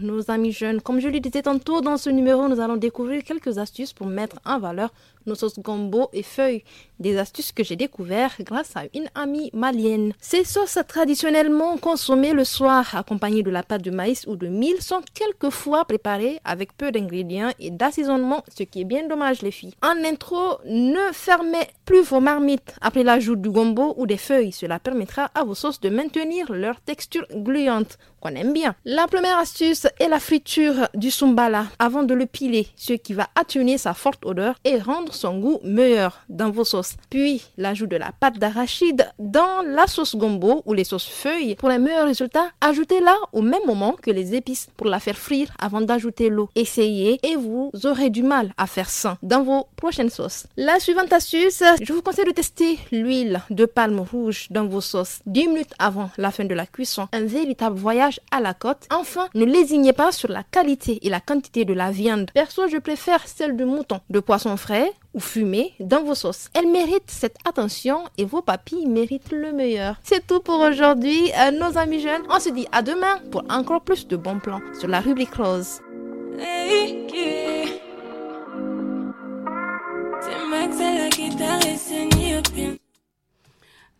Nos amis jeunes, comme je le disais tantôt dans ce numéro, nous allons découvrir quelques astuces pour mettre en valeur nos sauces gombo et feuilles, des astuces que j'ai découvertes grâce à une amie malienne. Ces sauces traditionnellement consommées le soir, accompagnées de la pâte de maïs ou de mil, sont quelquefois préparées avec peu d'ingrédients et d'assaisonnement, ce qui est bien dommage les filles. En intro, ne fermez plus vos marmites après l'ajout du gombo ou des feuilles, cela permettra à vos sauces de maintenir leur texture gluante qu'on aime bien. La première astuce est la friture du sumbala avant de le piler, ce qui va atténuer sa forte odeur et rendre son goût meilleur dans vos sauces. Puis l'ajout de la pâte d'arachide dans la sauce gombo ou les sauces feuilles. Pour les meilleurs résultats, ajoutez-la au même moment que les épices pour la faire frire avant d'ajouter l'eau. Essayez et vous aurez du mal à faire sans dans vos prochaines sauces. La suivante astuce, je vous conseille de tester l'huile de palme rouge dans vos sauces 10 minutes avant la fin de la cuisson. Un véritable voyage à la côte. Enfin, ne lésignez pas sur la qualité et la quantité de la viande. Perso, je préfère celle de mouton, de poisson frais ou fumer dans vos sauces. Elle mérite cette attention et vos papilles méritent le meilleur. C'est tout pour aujourd'hui, euh, nos amis jeunes. On se dit à demain pour encore plus de bons plans sur la rubrique rose.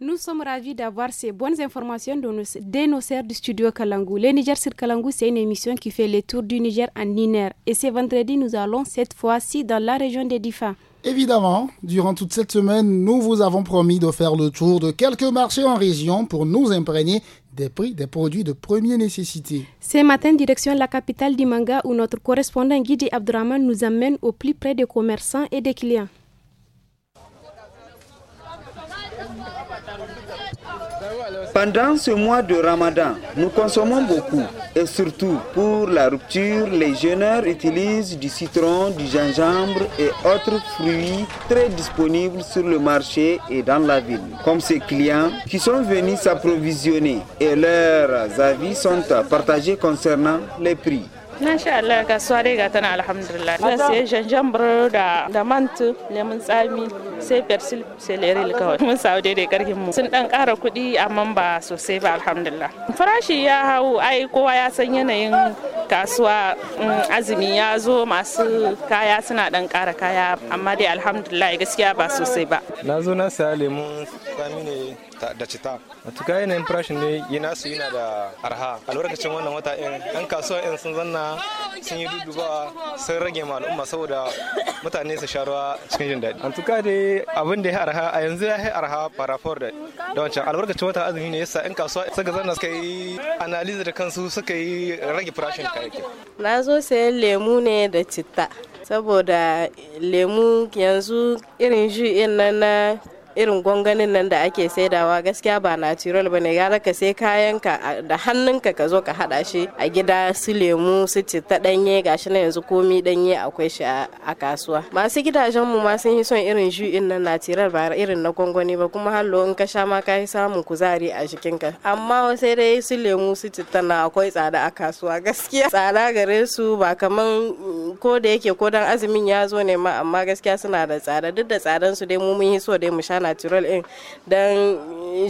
Nous sommes ravis d'avoir ces bonnes informations de nos, de du studio Kalangou. Le Niger sur Kalangou, c'est une émission qui fait le tour du Niger en une Et ce vendredi, nous allons cette fois-ci dans la région des Difa.
Évidemment, durant toute cette semaine, nous vous avons promis de faire le tour de quelques marchés en région pour nous imprégner des prix des produits de première nécessité.
Ce matin, direction la capitale du manga où notre correspondant Guidi Abdraman nous amène au plus près des commerçants et des clients.
Pendant ce mois de Ramadan, nous consommons beaucoup et surtout pour la rupture, les jeûneurs utilisent du citron, du gingembre et autres fruits très disponibles sur le marché et dans la ville, comme ces clients qui sont venus s'approvisionner et leurs avis sont partagés concernant les prix.
Na sha Allah kasuwa dai ga tana alhamdulillah. Zan siya janjambar da da mant lemun tsami sai persil seleril kawai. Mun samu daidai karhin mu. Sun dan ƙara kuɗi amma ba sosai ba alhamdulillah. Farashi ya hau ai kowa ya san yanayin kasuwa mm, azumi ya zo masu kaya suna dan ƙara kaya amma dai alhamdulillah gaskiya ba sosai
ba. Na zo na saya lemun tsami ne da cita tuka yanayin farashin ne yana su yana da arha albarkacin wannan wata in an kasuwa in sun zanna sun yi duduba sun rage ma al'umma saboda mutane su sha ruwa cikin jin daɗi matuka tuka dai abin da ya arha a yanzu ya yi arha parafor da da wancan albarkacin wata azumi ne yasa in kasuwa suka zanna suka yi analiza da kansu suka yi rage farashin kayayyaki
na zo sayan lemu ne da citta saboda lemu yanzu irin ju nan na irin gwangwanin nan da ake saidawa gaskiya ba natural ba ne gara ka sai kayan ka da hannunka ka zo ka hada shi a gida su lemu su citta ɗanye gashi na yanzu komi danye akwai shi a kasuwa masu gidajen mu ma sun yi son irin ju'in nan natural ba irin na gwangwani ba kuma hallo in ka sha ma ka yi samun kuzari a jikinka amma sai dai su lemu su citta na akwai tsada a kasuwa gaskiya tsada gare su ba kaman mm, ko da yake ko dan azumin ya zo ne ma amma gaskiya suna da tsada duk da tsadan su dai mu mun yi so dai mu sha natural ɗin don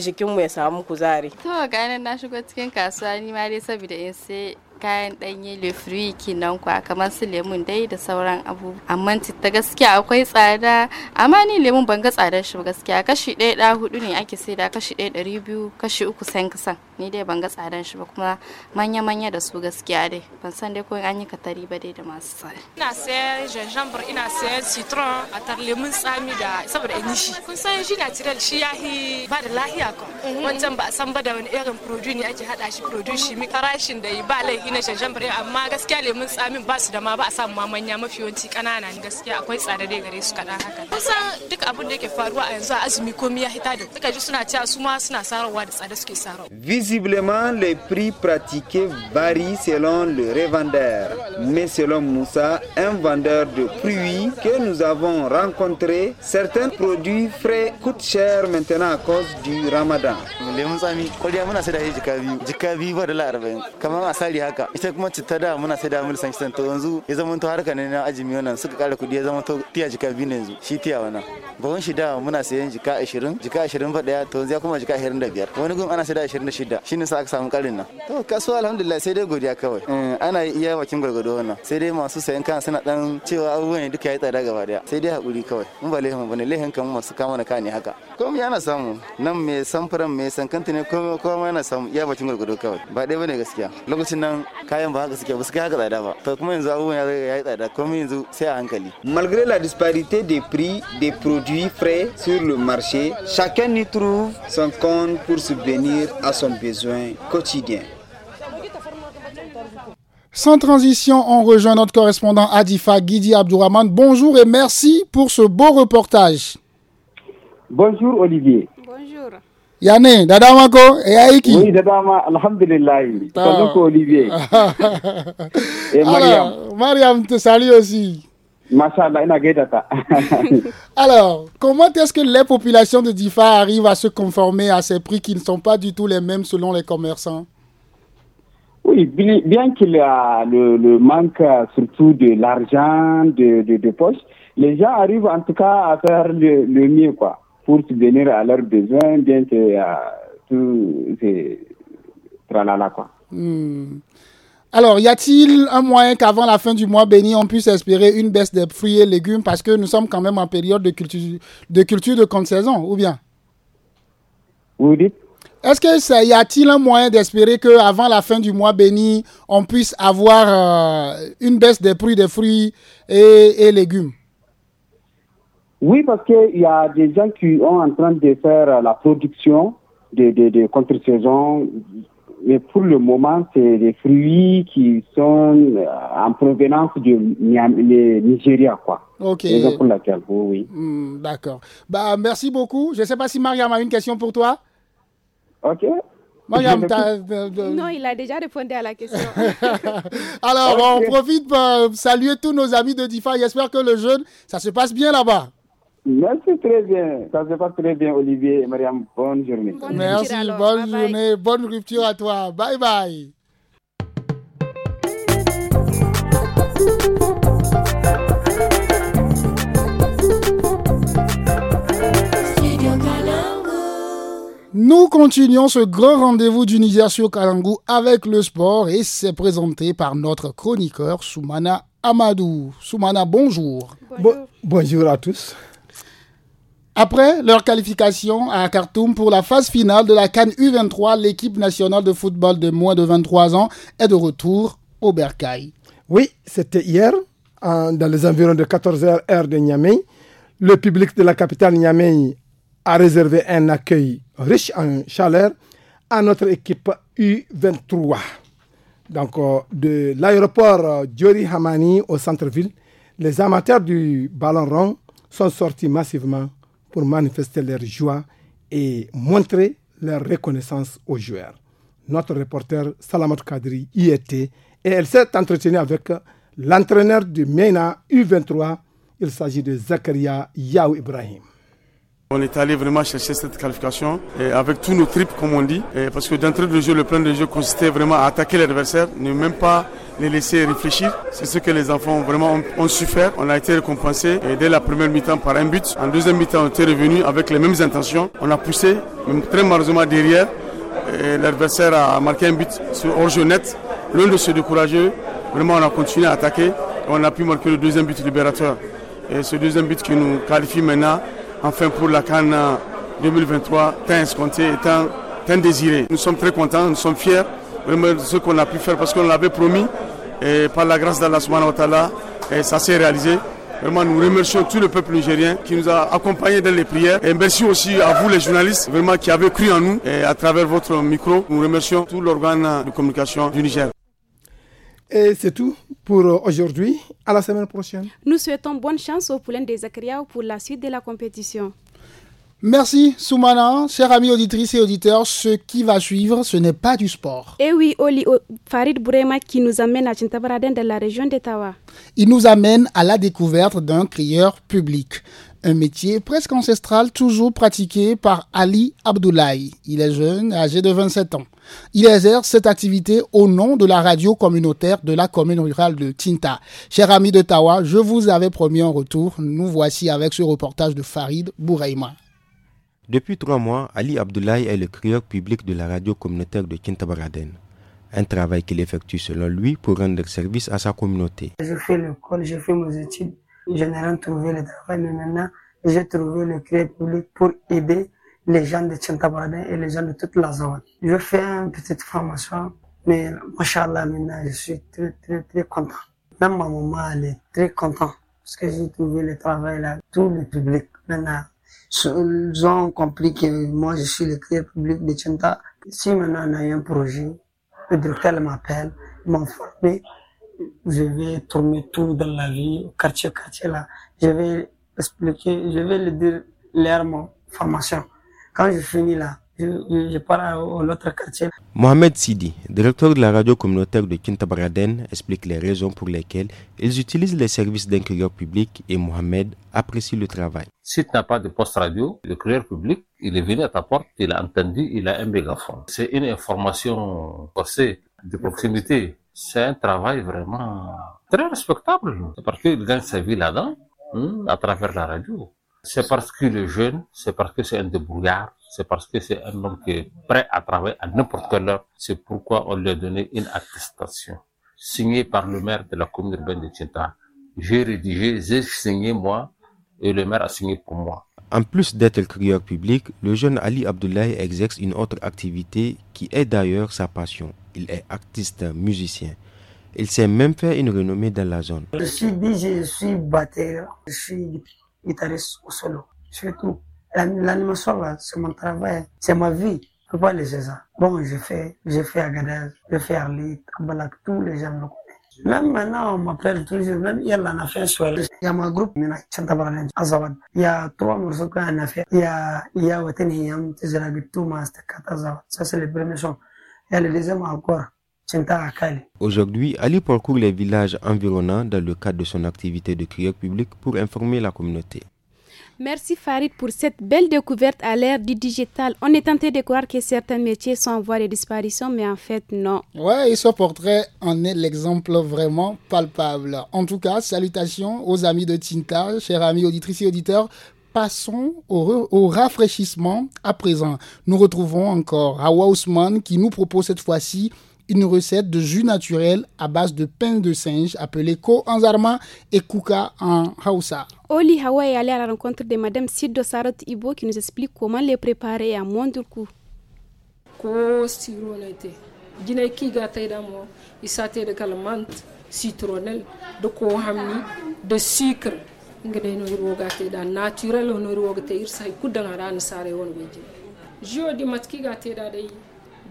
jikinmu ya samu kuzari. To
ganin na shigo cikin kasuwa ni ma dai saboda in sai kayan ɗanye
fruit kenan
kwa kamar su lemun dai da sauran abu amma ta gaskiya akwai tsada amma ni lemun ban ga tsadar shi gaskiya kashi ɗaya ɗa hudu ne ake saida kashi ɗaya ɗari biyu kashi uku san kasan ni dai ban ga tsadar shi ba kuma manya manya da su gaskiya dai ban san dai ko an yi katari ba
dai da masu tsada
ina sayar gingembre ina sayar citron a tar lemun tsami da saboda in shi kun san shi natural shi ya yi ba da lahiya ko mhm. wancan ba a san ba da wani irin produce ne ake hada shi produce shi mi farashin da yi ba laifi mataki na shanjan fure amma gaskiya lemun tsamin ba su da ma ba a samu ma manya mafi yawanci kanana ne gaskiya akwai tsada dai gare su kaɗan haka kusan duk abin da yake faruwa a yanzu a azumi komai ya hita da suka ji suna cewa su ma suna sarawa da tsada suke sarawa
visiblement les prix pratiqués varient selon le revendeur mais selon Moussa un vendeur de fruits que nous avons rencontré certains produits frais coûtent cher maintenant à cause du Ramadan lemun tsami kwaliya muna sai da jika biyu jika biyu ba da 40 kamar asali haka haka ita kuma ta da muna sai da mulsan shi to yanzu ya zama to harka ne na ajimi wannan suka kara kudi ya zama to tiya jika biyu yanzu shi tiya wannan bahun shi da muna sayan jika 20 jika 20 fa daya to yanzu ya kuma jika 25 wani gun ana sai da 26 shine sa aka samu karin nan to kasuwa alhamdulillah sai dai godiya kawai eh, ana iya bakin gwargwado wannan sai dai masu sayan kan suna dan cewa abubuwan ne duka ya tsada gaba daya sai dai hakuri kawai mun ba lehin bane lehin kan masu kama na kani haka ko komai yana samu nan me samfuran me sankanta ne ko komai yana samu iya bakin gwargwado kawai ba dai bane gaskiya lokacin nan malgré la disparité des prix des produits frais sur le marché chacun y trouve son compte pour subvenir à son besoin quotidien
sans transition, on rejoint notre correspondant Adifa Guidi Abdourahman. Bonjour et merci pour ce beau reportage. Bonjour Olivier. Yanné, dada et oui da alhamdulillah. Salut, ah. olivier [LAUGHS] Et eh, mariam mariam te salue aussi
Machallah, ina gaida
[LAUGHS] Alors, comment est-ce que les populations de Difa arrivent à se conformer à ces prix qui ne sont pas du tout les mêmes selon les commerçants
Oui, bien qu'il y a le, manque surtout de l'argent, de, de, les gens arrivent en tout cas à faire le mieux, quoi pour subvenir à leurs besoins, bien que euh, tout c'est tralala quoi.
Hmm. Alors, y a-t-il un moyen qu'avant la fin du mois béni, on puisse espérer une baisse des fruits et légumes parce que nous sommes quand même en période de culture de, culture de contre-saison, ou bien Oui, dites Est-ce que y a-t-il un moyen d'espérer avant la fin du mois béni, on puisse avoir euh, une baisse des prix des fruits et légumes oui, parce qu'il y a
des gens qui sont en train de faire euh, la production de, contre-saison. Mais pour le moment, c'est des fruits qui sont euh, en provenance du Nigeria, quoi. Ok. pour oui.
Hmm, d'accord. Bah, merci beaucoup. Je ne sais pas si Mariam a une question pour toi. Ok. Mariam, Non,
il a déjà répondu à la question. [LAUGHS]
Alors, on profite pour euh, saluer tous nos amis de DIFA. J'espère que le jeûne, ça se passe bien là-bas.
Merci très bien. Ça se passe très bien, Olivier et Mariam. Bonne journée. Merci,
bonne journée. Bonne rupture à toi. Bye bye. Nous continuons ce grand rendez-vous du Niger sur Kalangou avec le sport et c'est présenté par notre chroniqueur Soumana Amadou. Soumana, bonjour. bonjour à tous. Après leur qualification à Khartoum pour la phase finale de la Cannes U23, l'équipe nationale de football de moins de 23 ans est de retour au Berkaï. Oui, c'était hier, dans les environs de 14h de Niamey. Le public de la capitale
Niamey a réservé un accueil riche en chaleur à notre équipe U23. Donc, euh, de l'aéroport euh, Djori Hamani au centre-ville, les amateurs du ballon rond sont sortis massivement pour manifester leur joie et montrer leur reconnaissance aux joueurs.
Notre reporter Salamot Kadri y était et elle s'est entretenue avec l'entraîneur du MENA U23. Il s'agit de Zakaria Yaou Ibrahim. On est allé vraiment chercher cette qualification avec tous nos tripes, comme on dit, parce que d'entrée de jeu, le plan de jeu consistait vraiment à attaquer l'adversaire, ne même pas les laisser réfléchir. C'est ce que les enfants vraiment ont, vraiment su faire. On a été récompensé dès la première mi-temps par un but. En deuxième mi-temps, on était revenu avec les mêmes intentions. On a poussé, très malheureusement derrière. L'adversaire a marqué un but sur hors-jeu net. L'un de ceux décourageux, vraiment on a continué à attaquer on a pu marquer le deuxième but libérateur. Et ce deuxième but qui nous qualifie maintenant, enfin pour la Cannes 2023, euh, tant escompté tant, tant désiré. Nous sommes très contents, nous sommes fiers vraiment de ce qu'on a pu faire parce qu'on l'avait promis et par la grâce d'Allah subhanahu ça s'est réalisé. Vraiment, nous remercions tout le peuple nigérien qui nous a accompagnés dans les prières. Et merci aussi à vous, les journalistes, vraiment qui avez cru en nous. Et à travers votre micro, nous remercions tout l'organe de communication du Niger.
Et c'est tout pour aujourd'hui.
À la semaine prochaine.
Nous souhaitons bonne chance au poulain des Akria pour la suite de la compétition.
Merci Soumana, chers amis auditrices et auditeurs, ce qui va suivre, ce n'est
pas du sport. Eh oui, Oli, Farid Boureima qui nous amène à Tintabaraden de la région d'Etawa.
Il nous amène à la découverte d'un crieur public, un métier presque ancestral toujours pratiqué par Ali Abdoulaye. Il est jeune, âgé de 27 ans. Il exerce cette activité au nom de la radio communautaire de la commune rurale de Tinta. Chers amis d'Ottawa, je vous avais promis un retour. Nous voici avec ce reportage de Farid Boureima.
Depuis trois mois, Ali Abdoulaye est le crieur public de la radio communautaire de Kintabaraden. Un travail qu'il effectue selon lui pour rendre service à sa communauté.
Je fais l'école, je fais mes études. Je n'ai rien trouvé le travail, mais j'ai trouvé le crieur public pour aider les gens de Kintabaraden et les gens de toute la zone. Je fais une petite formation, mais machallah je suis très, très, très content. Même ma maman, elle est très contente parce que j'ai trouvé le travail là, tout le public maintenant. Ils ont compris que moi je suis le public de Chanta. Si maintenant on a un projet, le directeur m'appelle, m'informe je vais tourner tout dans la vie, au quartier, quartier là. Je vais expliquer, je vais le dire l'air mon formation. Quand je finis là, je, à, l'autre quartier.
Mohamed Sidi, directeur de la radio communautaire de Kintabaraden, explique les raisons pour lesquelles ils utilisent les services d'un crieur public et Mohamed apprécie le travail.
Si tu n'as pas de poste radio, le crieur public, il est venu à ta porte, il a entendu, il a un mégaphone. C'est une information passée, de proximité. C'est un travail vraiment très respectable parce qu'il gagne sa vie là-dedans hein, à travers la radio. C'est parce qu'il est jeune, c'est parce que c'est un débrouillard, c'est parce que c'est un homme qui est prêt à travailler à n'importe quelle heure. C'est pourquoi on lui a donné une attestation signée par le maire de la commune urbaine de Tienta. J'ai rédigé, j'ai signé moi, et le maire a signé pour moi. En
plus d'être le crieur public, le jeune Ali Abdoulaye exerce une autre activité qui est d'ailleurs sa passion. Il est artiste, musicien. Il s'est même fait une renommée dans la zone.
Je suis DJ, je suis batteur, je suis guitariste au solo. Je fais tout. L'animation, là, c'est mon travail, c'est ma vie. Je peux pas laisser ça. Bon, fais fait, j'ai fait Agadez, je fais Arlit, Kabalak, tous les gens me connaissent. Même maintenant, on m'appelle tous les jours. Même hier, on a fait un soirée. Il y a mon groupe, Mina Chantabaralen, Azawad. Il y a trois morceaux qu'on a fait. Il y a, il y a Waten Hiyam, Tizrabi, Touma, Stekat, Azawad. Ça, c'est les premiers sons. Il y a le deuxième encore.
Aujourd'hui, Ali parcourt les villages environnants dans le cadre de son activité de crieur public pour informer la communauté.
Merci Farid pour
cette belle découverte à l'ère du digital. On est tenté de croire que certains métiers sont en voie de disparition, mais en fait, non.
Ouais, et ce portrait en est l'exemple vraiment palpable. En tout cas, salutations aux amis de Tinta, chers amis auditrices et auditeurs. Passons au, au, rafraîchissement à présent. Nous retrouvons encore Hawa Ousmane qui nous propose cette fois-ci une recette de jus naturel à base de pain de singe appelé ko en zarma et kuka en hausa.
Oli Hawa est allé à la rencontre de Madame Sido Sarot Ibo qui nous explique comment les préparer à moindre coût.
jinai ki ga tai mo isa tai da kalmant citronel da ko hamni de sucre nga dai no roga Naturel da natural no roga te irsa ku da sare won beje jiyo di matki ga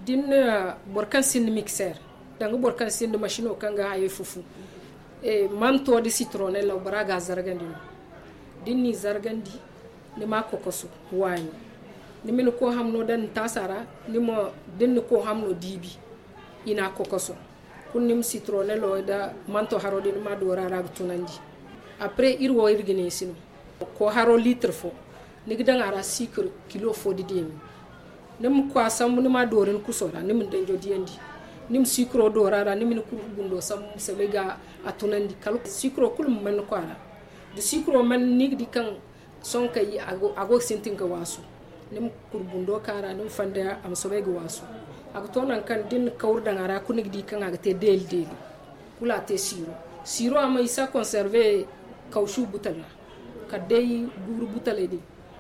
din eh, borkan sindi mixer danga borkan sindi machine o kanga haye fufu e mam to de citronella eh, o bara zargandi no din ni zargandi ni ma kokosu wani ni min ko hamno dan tasara ni mo din ko hamno dibi ina kokoso kun nim citronella eh, da manto haro din ma do rara tunandi après irwo irgine sino ko haro litre fo ni gidanga ara sikr kilo fo di demi nim kwasan mu ma dorin kusora nim danjo diyandi nim sikro dorara nim ni kur gundo sam sebega atunandi kal sikro kul man kwara du sikro man ni di kan son kay ago ago sintin ka wasu nim kur gundo kara nim fande am sobega wasu ago tonan kan din kawr dangara kunik di kan aga te del del kula te siro siro ama isa conserver kaushu butala kadai guru butale di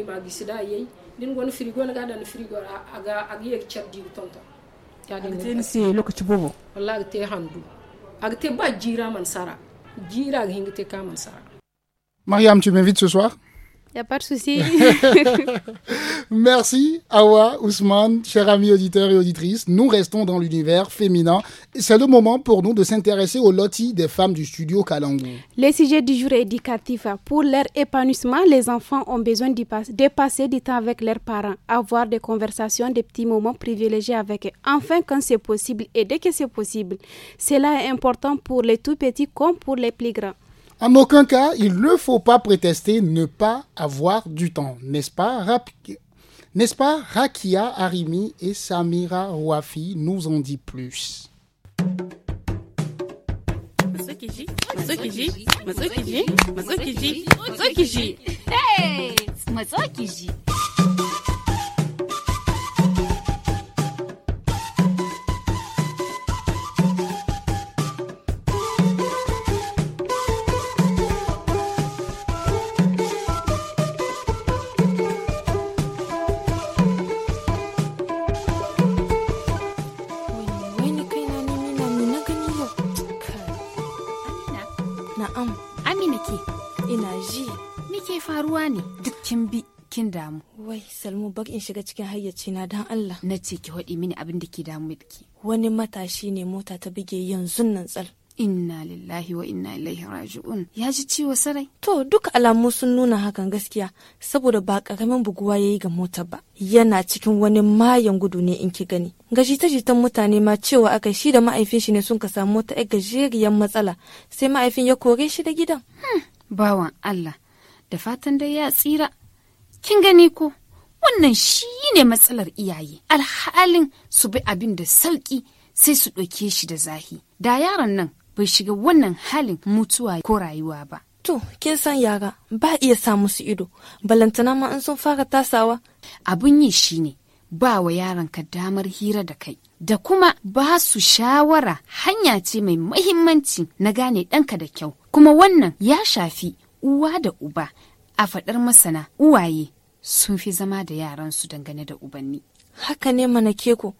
ibagisidaa yey din gon frigo na gadan frigo aga agi ek chaddi tonto yani te ni si lokaci bobo wallahi te handu ag te ba jira man sara jira hingi
te ka man sara
Mariam, tu m'invites ce soir
il n'y a pas de souci. [LAUGHS]
Merci, Awa, Ousmane, chers amis auditeurs et auditrices. Nous restons dans l'univers féminin. C'est le moment pour nous de s'intéresser au lotis des femmes du studio Kalangou.
Les sujets du jour éducatif. Pour leur épanouissement, les enfants ont besoin de passer du temps avec leurs parents, avoir des conversations, des petits moments privilégiés avec eux. Enfin, quand c'est possible et dès que c'est possible. Cela est important pour les tout petits comme pour les plus grands.
En aucun cas, il ne faut pas prétester ne pas avoir du temps, n'est-ce pas Rakia Harimi et Samira Rouafi nous en dit plus.
in shiga cikin hayyacina don Allah. Na ce ki haɗi mini abin da ke damu ki. Wani matashi ne mota ta buge yanzu nan tsal. Inna lillahi wa inna ilaihi raji'un. Ya ji ciwo sarai. To duka alamu sun nuna hakan gaskiya saboda ba ƙaramin buguwa ya yi ga mota ba. Yana cikin wani mayan gudu ne in ki gani. Ga jita-jitan mutane ma cewa aka shi da ma'aifin shi ne sun ka samu wata yar gajeriyar matsala sai ma'aifin ya kore shi da gidan. Hmm. Bawan Allah da fatan dai ya tsira. Kin gani ko?
wannan shi ne matsalar iyaye alhalin su bi abin da sauki
sai su ɗauke shi da zahi da yaron nan bai shiga wannan halin mutuwa ko rayuwa ba to kin san yara ba iya sa musu ido balantana ma an sun fara tasawa abun yi shi ne ba wa ka damar hira da kai da kuma
ba su shawara hanya ce mai mahimmanci na gane ɗanka da kyau kuma wannan ya shafi uwa da uba a faɗar masana uwaye sun fi
zama da yaransu dangane da ubanni. Haka ne mana keko,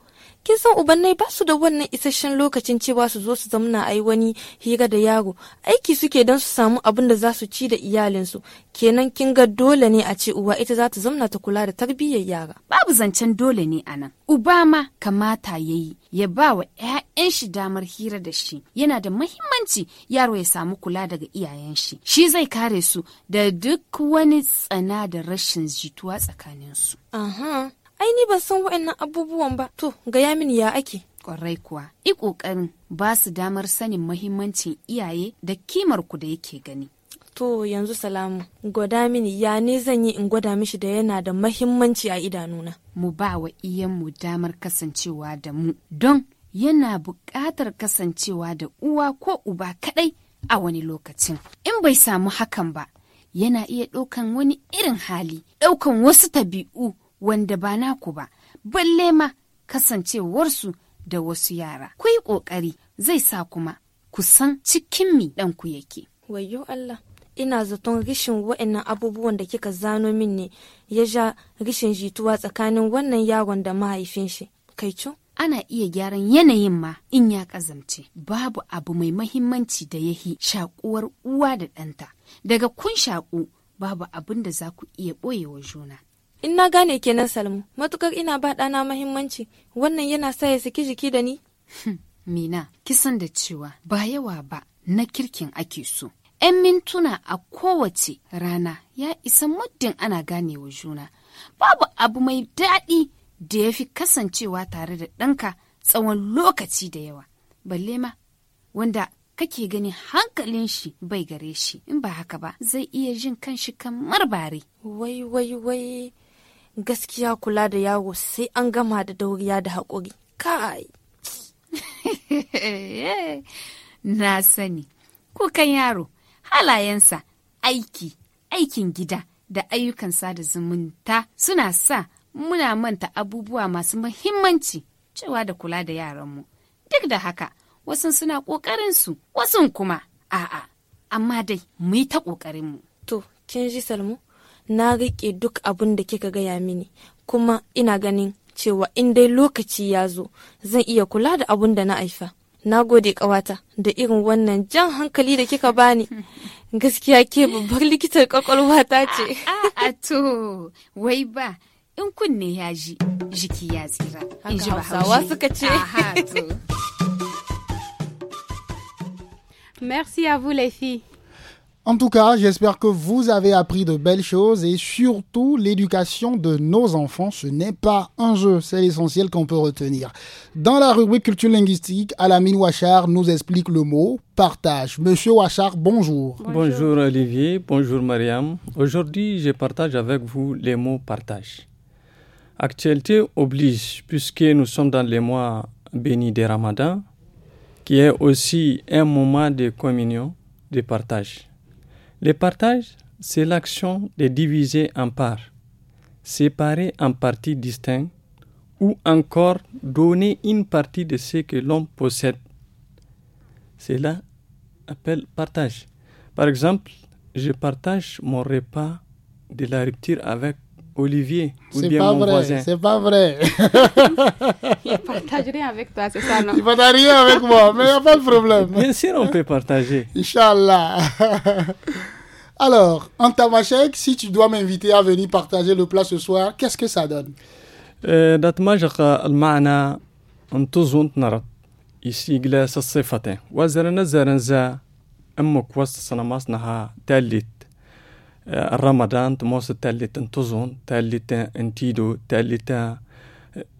kin san ubannai ba su da wannan isasshen lokacin cewa su zo su zamna ai wani hira da yaro aiki suke don su samu abin da za su ci da iyalinsu kenan kin ga dole ne a ce uwa ita za ta zamna ta kula da tarbiyyar yara babu zancen dole ne anan uba ma kamata ya yi ya ba
wa 'ya'yan shi damar hira da shi yana da mahimmanci yaro ya samu kula daga iyayen
shi shi zai kare su da duk wani tsana da rashin jituwa tsakaninsu. Aha. ai ni ban san wa'annan abubuwan ba to gaya mini ya ake kwarai kuwa i kokarin ba su damar sanin mahimmancin iyaye da kimar ku da yake gani to yanzu salamu gwada mini ya ne zan yi in gwada mishi da yana da mahimmanci a idanuna mu ba wa iyanmu damar kasancewa da mu don
yana buƙatar kasancewa da uwa ko uba kaɗai a wani lokacin in bai samu hakan ba yana iya ɗaukan wani irin hali ɗaukan wasu tabi'u wanda ba naku ba balle ma kasancewarsu da wasu
yara ku yi ƙoƙari zai sa kuma ku san cikin mi ɗanku yake wayyo Allah ina zaton rishin wa'annan abubuwan da kika zano min ne ya ja rishin jituwa tsakanin wannan yaron da mahaifin shi kai ana iya gyaran yanayin ma in ya kazamce babu abu mai mahimmanci da yahi shakuwar uwa
da ɗanta daga kun shaku babu abin da za ku iya ɓoyewa juna
In na gane kenan Salmu, matukar ina ba ɗana mahimmanci, wannan yana sa ya saki jiki da ni?
Hm, Mina, kisan da cewa ba yawa ba na kirkin ake so. 'Yan mintuna a kowace rana ya isa muddin ana gane wa juna. Babu abu mai daɗi da ya fi kasancewa tare da ɗanka tsawon lokaci da yawa. Balle ma, wanda kake gani hankalin shi bai gare
shi in ba haka ba zai iya jin kanshi kamar bare. Wai wai wai gaskiya kula da yaro sai an gama da dauriya da haƙuri kai [LAUGHS] na sani
kukan yaro halayensa aiki aikin gida da ayyukan sada zumunta suna sa muna manta abubuwa masu muhimmanci cewa da kula da yaranmu
duk da haka wasu suna ƙoƙarinsu wasu kuma a'a amma dai mu yi ta ƙoƙarinmu to kin ji salmu na riƙe duk abin da kika gaya mini kuma ina ganin cewa in dai lokaci ya zo zan iya kula da abin da na haifa na gode ƙawata da irin wannan jan hankali da kika bani [LAUGHS] gaskiya ke babbar likitar kwakwalwa ta ce a to wai ba
in kunne ya ji jiki ya tsira in ji hausawa suka ce [LAUGHS] Merci à vous les filles.
En tout cas, j'espère que vous avez appris de belles choses et surtout l'éducation de nos enfants, ce n'est pas un jeu, c'est l'essentiel qu'on peut retenir. Dans la rubrique culture linguistique, Alamine Wachar nous explique le mot partage. Monsieur Wachar, bonjour.
bonjour. Olivier, bonjour Mariam. Aujourd'hui, je partage avec vous les mots partage. Actualité oblige, puisque nous sommes dans les mois bénis des Ramadan, qui est aussi un moment de communion, de partage. Le partage, c'est l'action de diviser en parts, séparer en parties distinctes ou encore donner une partie de ce que l'on possède. Cela appelle partage. Par exemple, je partage mon repas de la rupture avec Olivier ou bien pas mon vrai, voisin. C'est pas
vrai.
il partage rien avec toi, c'est ça, non Il
partage rien avec moi, mais il n'y a pas de problème.
Bien sûr, on peut partager.
Inch'Allah. [LAUGHS] Alors, en Tamashek, si tu dois m'inviter à venir partager le plat ce soir, qu'est-ce que ça donne
داتماجق المعنى انتوزون نرد يسيقلا سصفتين وزرنا زرنزا sana masna صنماصنها tali. رمضان تموس تالي تنتظن تالي انتيدو تالي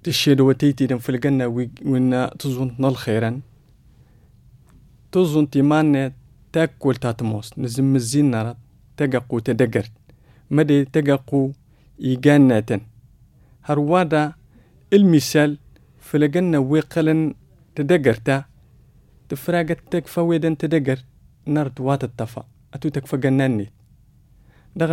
تشيدو وتيتي في الجنة وين تظن نال خيرا تظن تيمان تاكل تاتموس نزم الزين نرى تقاقو تدقر مدي تقاقو إيجانة هروادا المثال في الجنة ويقلن تا تفراغت تكفا ويدن تدقر نرد وات التفا أتو تكفى جناني nek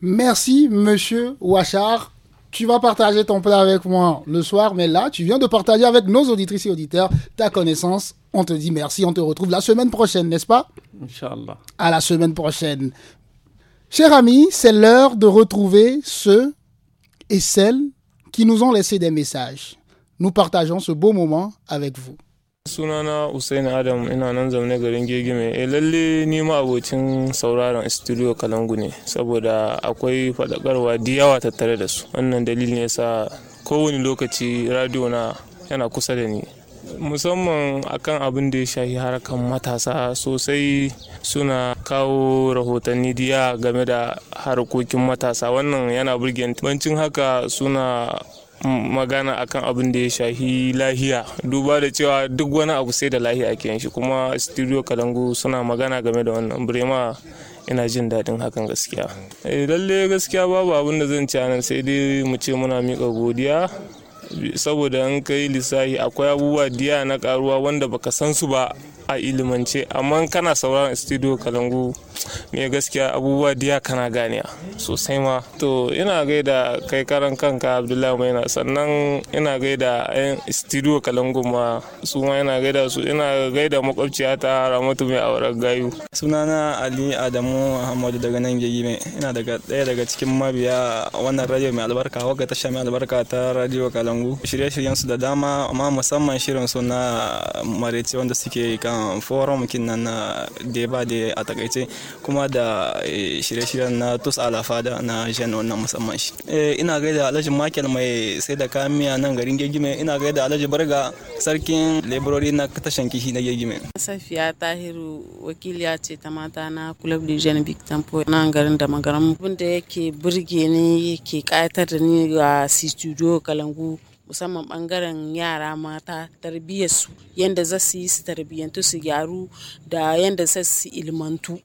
Merci, monsieur Wachar, Tu vas partager ton plat avec moi le soir, mais là, tu viens de partager avec nos auditrices et auditeurs ta connaissance. On te dit merci, on te retrouve la semaine prochaine, n'est-ce pas Inch'Allah. À la semaine prochaine. Chers amis, c'est l'heure de retrouver ceux et celles qui nous ont laissé des messages. Nous partageons ce beau moment avec vous.
sunana Hussein adam ina nan zaune garin gegime e lalle ni ma abocin sauraron studio kalangu ne saboda akwai fadakarwa da yawa tattare da su wannan dalilin yasa kowane lokaci radio na yana kusa da ni musamman akan abin da ya shahi harkan matasa sosai suna kawo rahotanni diya game da harkokin matasa wannan yana burgen bancin haka suna magana akan abin da ya shahi lahiya duba da cewa duk wani abu sai da lahiya ake shi kuma studio kalangu suna magana game da wannan brema ina jin daɗin hakan gaskiya eh, lalle gaskiya babu abin da zan ci nan sai dai mu ce muna miƙa godiya saboda in kai lissahi akwai abubuwa diya na karuwa wanda baka san su ba a ilimance amma kana sauraron studio kalangu mai gaskiya abubuwa diya kana ganiya sosai ma to ina gaida kai karan kanka abdullahi maina sannan ina gaida yan studio kalangu ma su ma ina gaida su ina gaida makwabciya ta ramatu mai auren gayu sunana ali adamu muhammadu daga nan mai ina daga daya daga cikin mabiya wannan radio mai albarka waga tasha mai albarka ta radio kalangu shirye-shiryen su da dama amma musamman shirin suna na marece wanda suke kan forum kinnan na deba da a takaice kuma da eh, shirye-shiryen na tus alafada na jan wannan musamman shi eh, ina gaida alhaji makel mai sai da kayan nan garin gegime ina gaida alhaji barga sarkin laborori na tashan kishi na gegime
safiya tahiru wakiliya ce ta mata na club de big tempo nan garin da magaram abin da yake burge ni yake kayatar da ni ga studio kalangu musamman bangaren yara mata tarbiyyarsu yadda za su yi su tarbiyyantu su gyaru da yadda za su ilmantu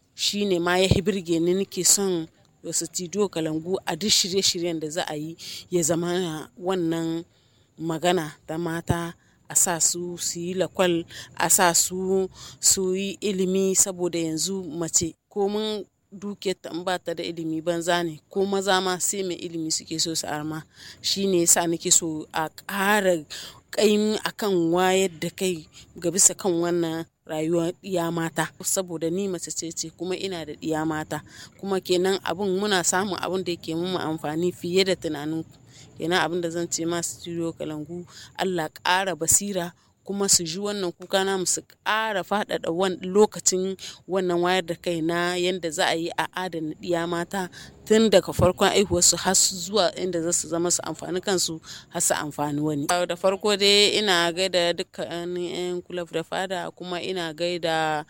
ne ma ya birge ni nake son su tido kalangu a duk shirye-shiryen da za a yi ya zama wannan magana ta mata a sa su su yi lakwal a sa su su yi ilimi saboda yanzu mace komin Duke, in ba ta da ilimi banza ne ko maza ma sai mai ilimi suke so su arma shi ne sa nake so a ƙara a kan wayar da kai ga bisa kan wannan rayuwar ɗiya mata saboda ni mace ce ce kuma ina da ɗiya mata kuma kenan abun muna samun abun da yake mun amfani fiye da tunanin kenan abin da zan ce ma studio kalangu allah ƙara basira kuma su ji wannan kuka namu su ƙara faɗaɗa lokacin wannan wayar da kai na yadda za a yi a adana ɗiya mata tun daga farkon su har zuwa inda za su zama su amfani kansu har su amfani wani. Da farko dai ina gaida dukkanin 'yan kulaf da fada kuma ina gaida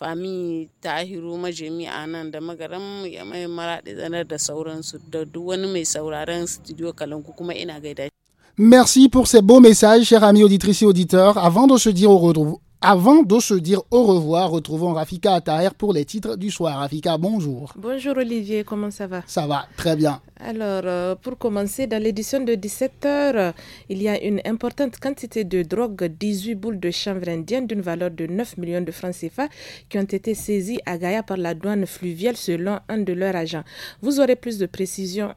fami tahiru majami a nan da magaran ya mai maraɗi zanar da sauransu da duk wani mai sauraren studio kalanku kuma ina gaida
Merci pour ces beaux messages, chers amis auditrices et auditeurs. Avant de se dire au avant de se dire au revoir, retrouvons Rafika Attaher pour les titres du soir. Rafika, bonjour.
Bonjour Olivier, comment ça va Ça va, très bien. Alors, euh, pour commencer, dans l'édition de 17h, il y a une importante quantité de drogue, 18 boules de chanvre indienne d'une valeur de 9 millions de francs CFA, qui ont été saisies à Gaïa par la douane fluviale selon un de leurs agents. Vous aurez plus de précisions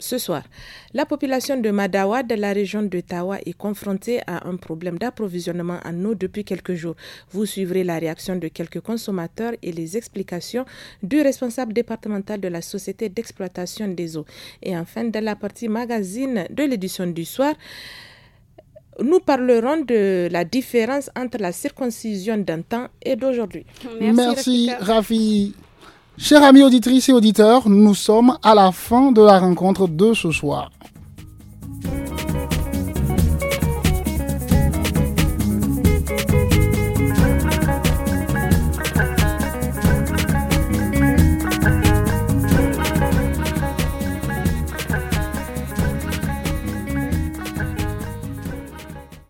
ce soir, la population de Madawa de la région de Tawa est confrontée à un problème d'approvisionnement en eau depuis quelques jours. Vous suivrez la réaction de quelques consommateurs et les explications du responsable départemental de la société d'exploitation des eaux. Et enfin, dans la partie magazine de l'édition du soir, nous parlerons de la différence entre la circoncision d'un temps et d'aujourd'hui. Merci, Merci Rafi. Chers
amis auditrices et auditeurs, nous sommes à la fin de la rencontre de ce soir.